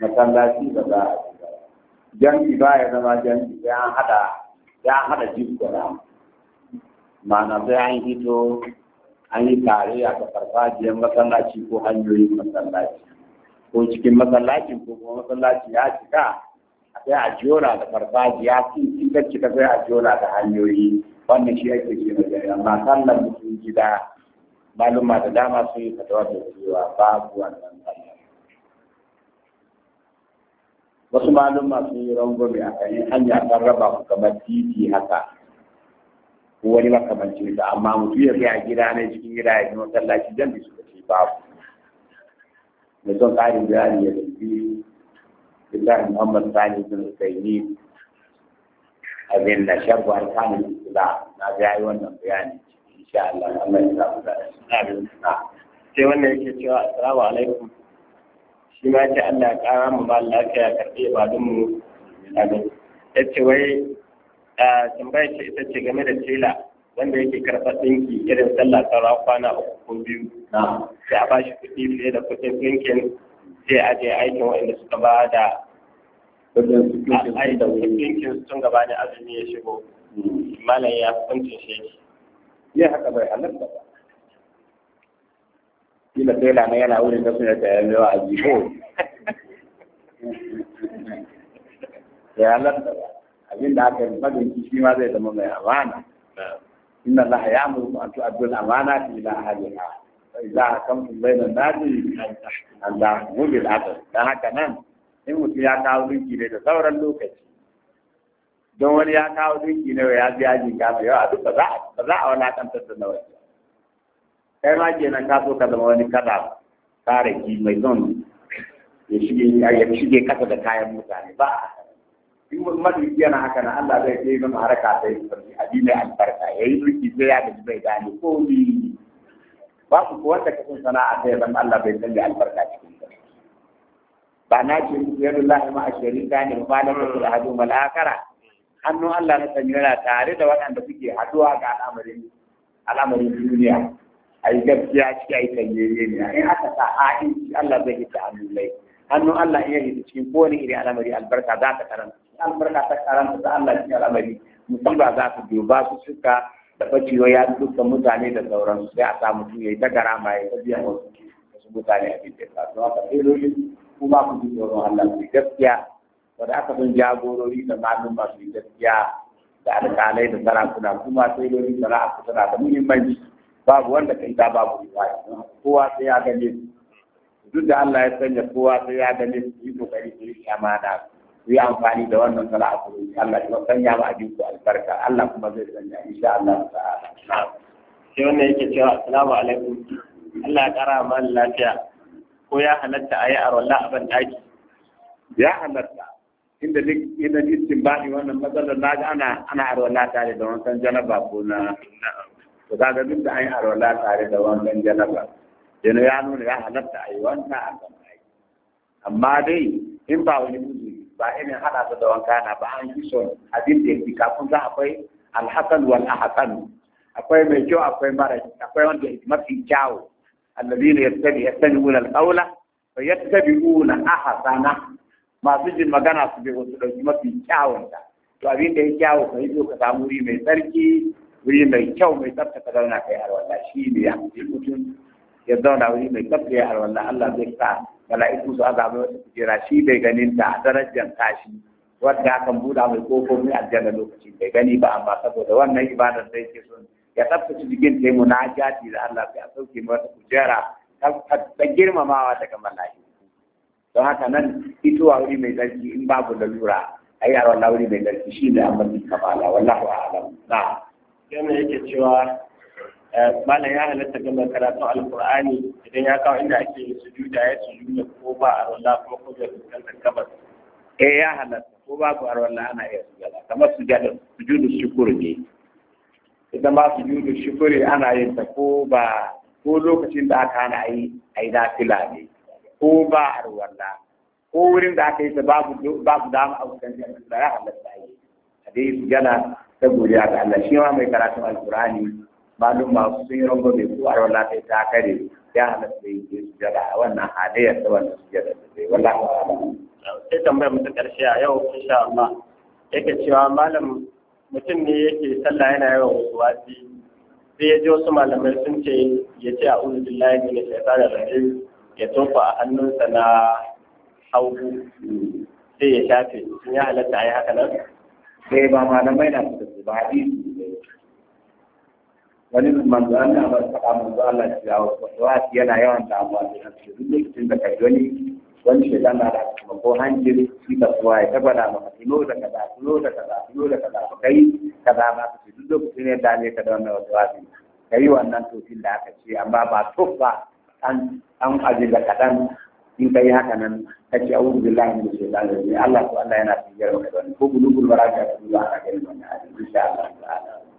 masallaci ba za a jam'i ba ya zama jam'i ya hada ya hada jikkura mana sai an hito an yi tare a farfajiyar masallaci ko hanyoyin masallaci ko cikin masallacin ko kuma masallaci ya cika sai a jona da farfajiya sun cin gacci ta sai a jona da hanyoyi wannan shi ake ce na jari amma sallan mutum gida maluma da dama sun yi fatawa da cewa babu wannan sallan wasu maluma sun yi rangwame a kan hanya kan raba ku kamar titi haka ko wani makamancin da amma mutum ya fi a gida ne cikin gida ya yi masallaci jan bisu da shi babu mai son ƙarin bayani ya biyu Abdullahi Muhammad Sani bin Saini abin da shabu arkanin Islam na ga yi wannan bayani insha Allah Allah ya samu da shi sai wannan yake cewa assalamu alaikum shi ma ce Allah ya kara mu ba lafiya karbe ba dun mu yace wai tambaye ce ita ce game da tela wanda yake karɓar ɗinki irin sallah sauran kwana uku ko biyu Ya a ba shi kuɗi fiye da kuɗin ɗinkin sai a je aikin waɗanda suka ba da aikin sun gaba da azumi ya shigo hmm. malam ya hukuncin ne. ya haka bai halatta ba kila sai lana yana wurin da suna tayar da a jiko ya halatta ba da aka yi fadin shi ma zai zama mai amana inna Allah ya mu an tu'addu al-amana fi ila ahliha za a kan bai da nadi Allah mu bil adal dan haka nan in mutum ya kawo dinki ne da sauran lokaci don wani ya kawo dinki ne ya biya jinka mai yawa duk ba za a walakantar da nawa kai ma kenan ka so ka zama wani kada kare ki mai zon ya shige ya shige kasa da kayan mutane ba in mulki yana haka na Allah zai yi mana haraka sai a bi mai albarka yayi mulki sai ya gaji bai gane ko ni babu ko wanda ka sana'a zai zama Allah bai sanya albarka cikin ta ba na ce Allah ma ashirika ne ba da da hadu malakara hannun Allah na sanya yana tare da waɗanda suke haduwa ga al'amarin al'amarin duniya a yi gaskiya cikin a yi tanyere ne in aka sa a in Allah zai yi ta lai hannun Allah in yi ta cikin kowane irin al'amari albarka za ta karanta albarka ta karanta ta Allah cikin al'amari musamman za ta biyu ba su suka da bacewa ya dukkan mutane da sauransu sai a samu mutum ya yi ta garama ya ta biyan wasu wasu mutane a cikin ta don haka sai kuma ku ji tsoron Allah su gaskiya wanda aka son jagorori da malum masu yi gaskiya da alƙalai da sarakuna kuma sai lori sana'a ku tana da muhimmanci babu wanda kai ta babu riwaya don haka kowa sai ya gane duk da Allah ya sanya kowa sai ya gane su yi kokari su yi amana ku yi amfani da wannan sana'a ku roƙi Allah ya sanya ma abin ku albarka Allah kuma zai sanya insha Allah ta'ala sai wannan yake cewa assalamu alaikum Allah ya kara mana lafiya ko ya halatta a yi a rolla a ban daki ya halatta inda duk inda ba ni wannan matsalar na ga ana ana arwala tare da wancan janaba ko na to kaga duk da an yi arwala tare da wancan janaba yana ya nuna ya halatta a yi wanka a kan amma dai in ba wani mutum. ba irin haɗa su da wanka na ba an yi son abin da yake kafin za akwai alhasan wal ahsan akwai mai kyau akwai mara akwai wanda mafi kyau alladhina yattabi yattabi'una al-qawla wa yattabi'una ahsana masu jin magana su bai wasu dauki mafi kyawun ta to abin da ya kyawu kai zo ka samu wuri mai tsarki wuri mai kyau mai tsafta ka zauna kai har wallahi shi ne ya mutum ya zauna wuri mai tsafta ya har wallahi Allah zai sa mala'iku su aka mai wata kujera shi bai ganin ta a darajar tashi wanda akan buɗa mai kofofin aljanna lokaci bai gani ba amma saboda wannan ibadar da yake son ya tsaftace jikin ta yi munajati da Allah sai a sauke wata kujera ta girmamawa daga mala'iku don haka nan fitowa wuri mai zarki in babu lalura a yi a wuri mai zarki shi ne amma kamala wallahu a'lam na yana yake cewa Eh, malam ya halatta gama karatun alkur'ani idan ya kawo inda ake yin sujuda ya sujuda ko ba a rola ko ko da fuskantar gabas eh ya halatta ko babu a rola ana iya sujada kamar sujada sujudu shukuri ne ita ma sujudu shukuri ana yin ta ko ba ko lokacin da aka hana ayi yi dafila ne ko ba a rola ko wurin da aka yi ta babu dama a fuskantar da ya halatta yi a dai sujada saboda ya ga Allah shi ma mai karatun alkur'ani malum masu sun yi rangwame ko arwala ta ta kare ya halatta yi ke su jara a wannan halayyar ta wannan su jara su sai wala sai tambayar mutu karshe a yau insha Allah yake cewa malam mutum ne yake sallah yana yawan wasuwasi sai ya ji wasu malamai sun ce ya ce a uzu billahi ne shaitan da rajim ya tofa a hannunsa na hagu sai ya shafe sun ya halatta a yi haka nan sai eh, ba malamai na su da su ba hadisi wani manzo Allah ba faɗa manzo Allah ya wasu yana yawan damuwa da kansu duk lokacin da kai wani wani shaitan na da kuma ko hanjin shi ka ya maka tuno da kaza tuno da kaza tuno da kaza ba kai kaza ba ka duk lokacin ya dame ka da wannan wasu wasu kai wannan tofin da aka ce amma ba tof ba an an da kaɗan in kai haka nan ka ce a'udhu billahi min Allah ko Allah yana tafiyar da wani ko gulugul da zuwa a ga Allah ta'ala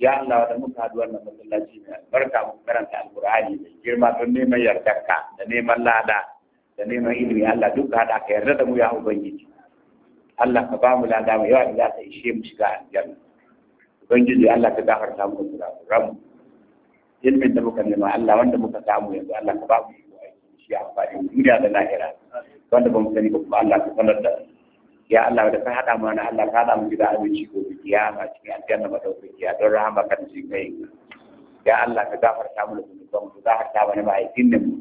ya Allah da muka haɗu wannan masallaci mai albarka mu karanta alkur'ani mai girma don neman yardarka da neman lada da neman ilimi Allah duk haɗa ka yarda da mu ya ubangiji Allah ka ba mu lada mai yawa da za ta ishe mu shiga aljanna ubangiji Allah ka gafarta mu da kurakuran ilmin da muka nema Allah wanda muka samu yanzu Allah ka ba mu shi amfani duniya da lahira wanda ba mu sani ba kuma Allah ka sanar da mu ya Allah da ka hada mana Allah ka hada mu gida abinci ko an kiyama cikin aljanna ya don rahama kan shi kai ya Allah ka gafarta mu da mu ba mu gafarta mana mahaifin ne mu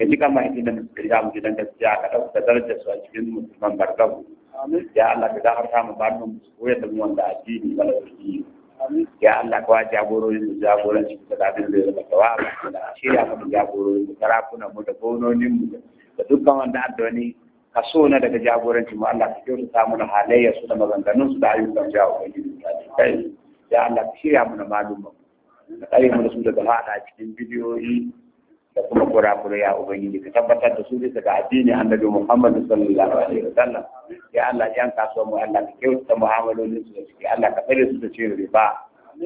da cikin mahaifin da mu da za mu gidan gaskiya ka dauka darajar su a cikin mu musulman barkabu ya Allah ka gafarta mu ba mu koyar da mu wanda addini ba da addini ya Allah ka wace jagororin mu jagoranci da dadin da zama tawaba shirya mu jagororin mu sarakunan mu da gononin mu da dukkan wanda addoni kaso na daga jagorancin mu Allah ka kyautata mana halayya su da maganganun su da ayyukan jawo ubangiji kai ya Allah ka shirya mana malumma ka tsare mana su daga hada cikin bidiyoyi da kuma kurakurai ya ubangiji ka tabbatar da su bisa ga addini annabi Muhammad sallallahu alaihi wasallam ya Allah yan kasuwa mu Allah ka kyautata mu'amalolin su da suke Allah ka tsare su da cin riba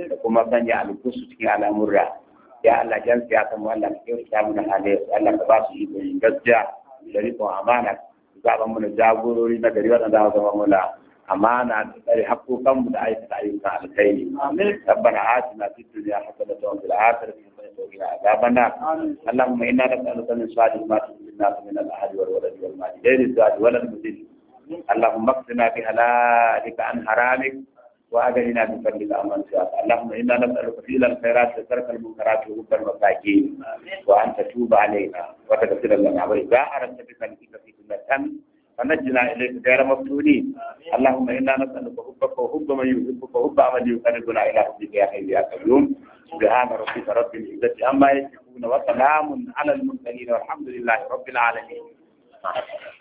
da kuma sanya alkusu cikin al'amurra ya Allah jan siyasa mu Allah ka kyautata mana halayya Allah ka ba su iko gaskiya da riƙon amana zaɓa mana jagorori na gari waɗanda aka zama muna amana da tsare haƙoƙanmu da aikata ayyukan alkhairi rabbana atina fid dunya hasanatan wa fil akhirati hasanatan wa qina adhabanna allahumma inna nas'aluka min salih ma tunzilna min al-ahli wal walad wal mali ghayri zadi wal mudin اللهم اقسنا بهلالك عن حرامك Wa aga ina nisan luka a manta, Allahumma ina na sanu ba filar sairas da sarƙar musarar ta huɓa ba wa an ta tuba ne, wata da filalla na kai ba hara ɗan ɗan ɗan, wa na jina a ileku da yadda mabtuni, ina na sanu ba huɓa ko huɓa ma yi, ko huɓa Amadu ta nuku na a ila biyar da yankadun, bihana rufi ta rufi, mu da ya maye ta hula na alal ma ɗanina, alhamdulilahi rabil'ahadi.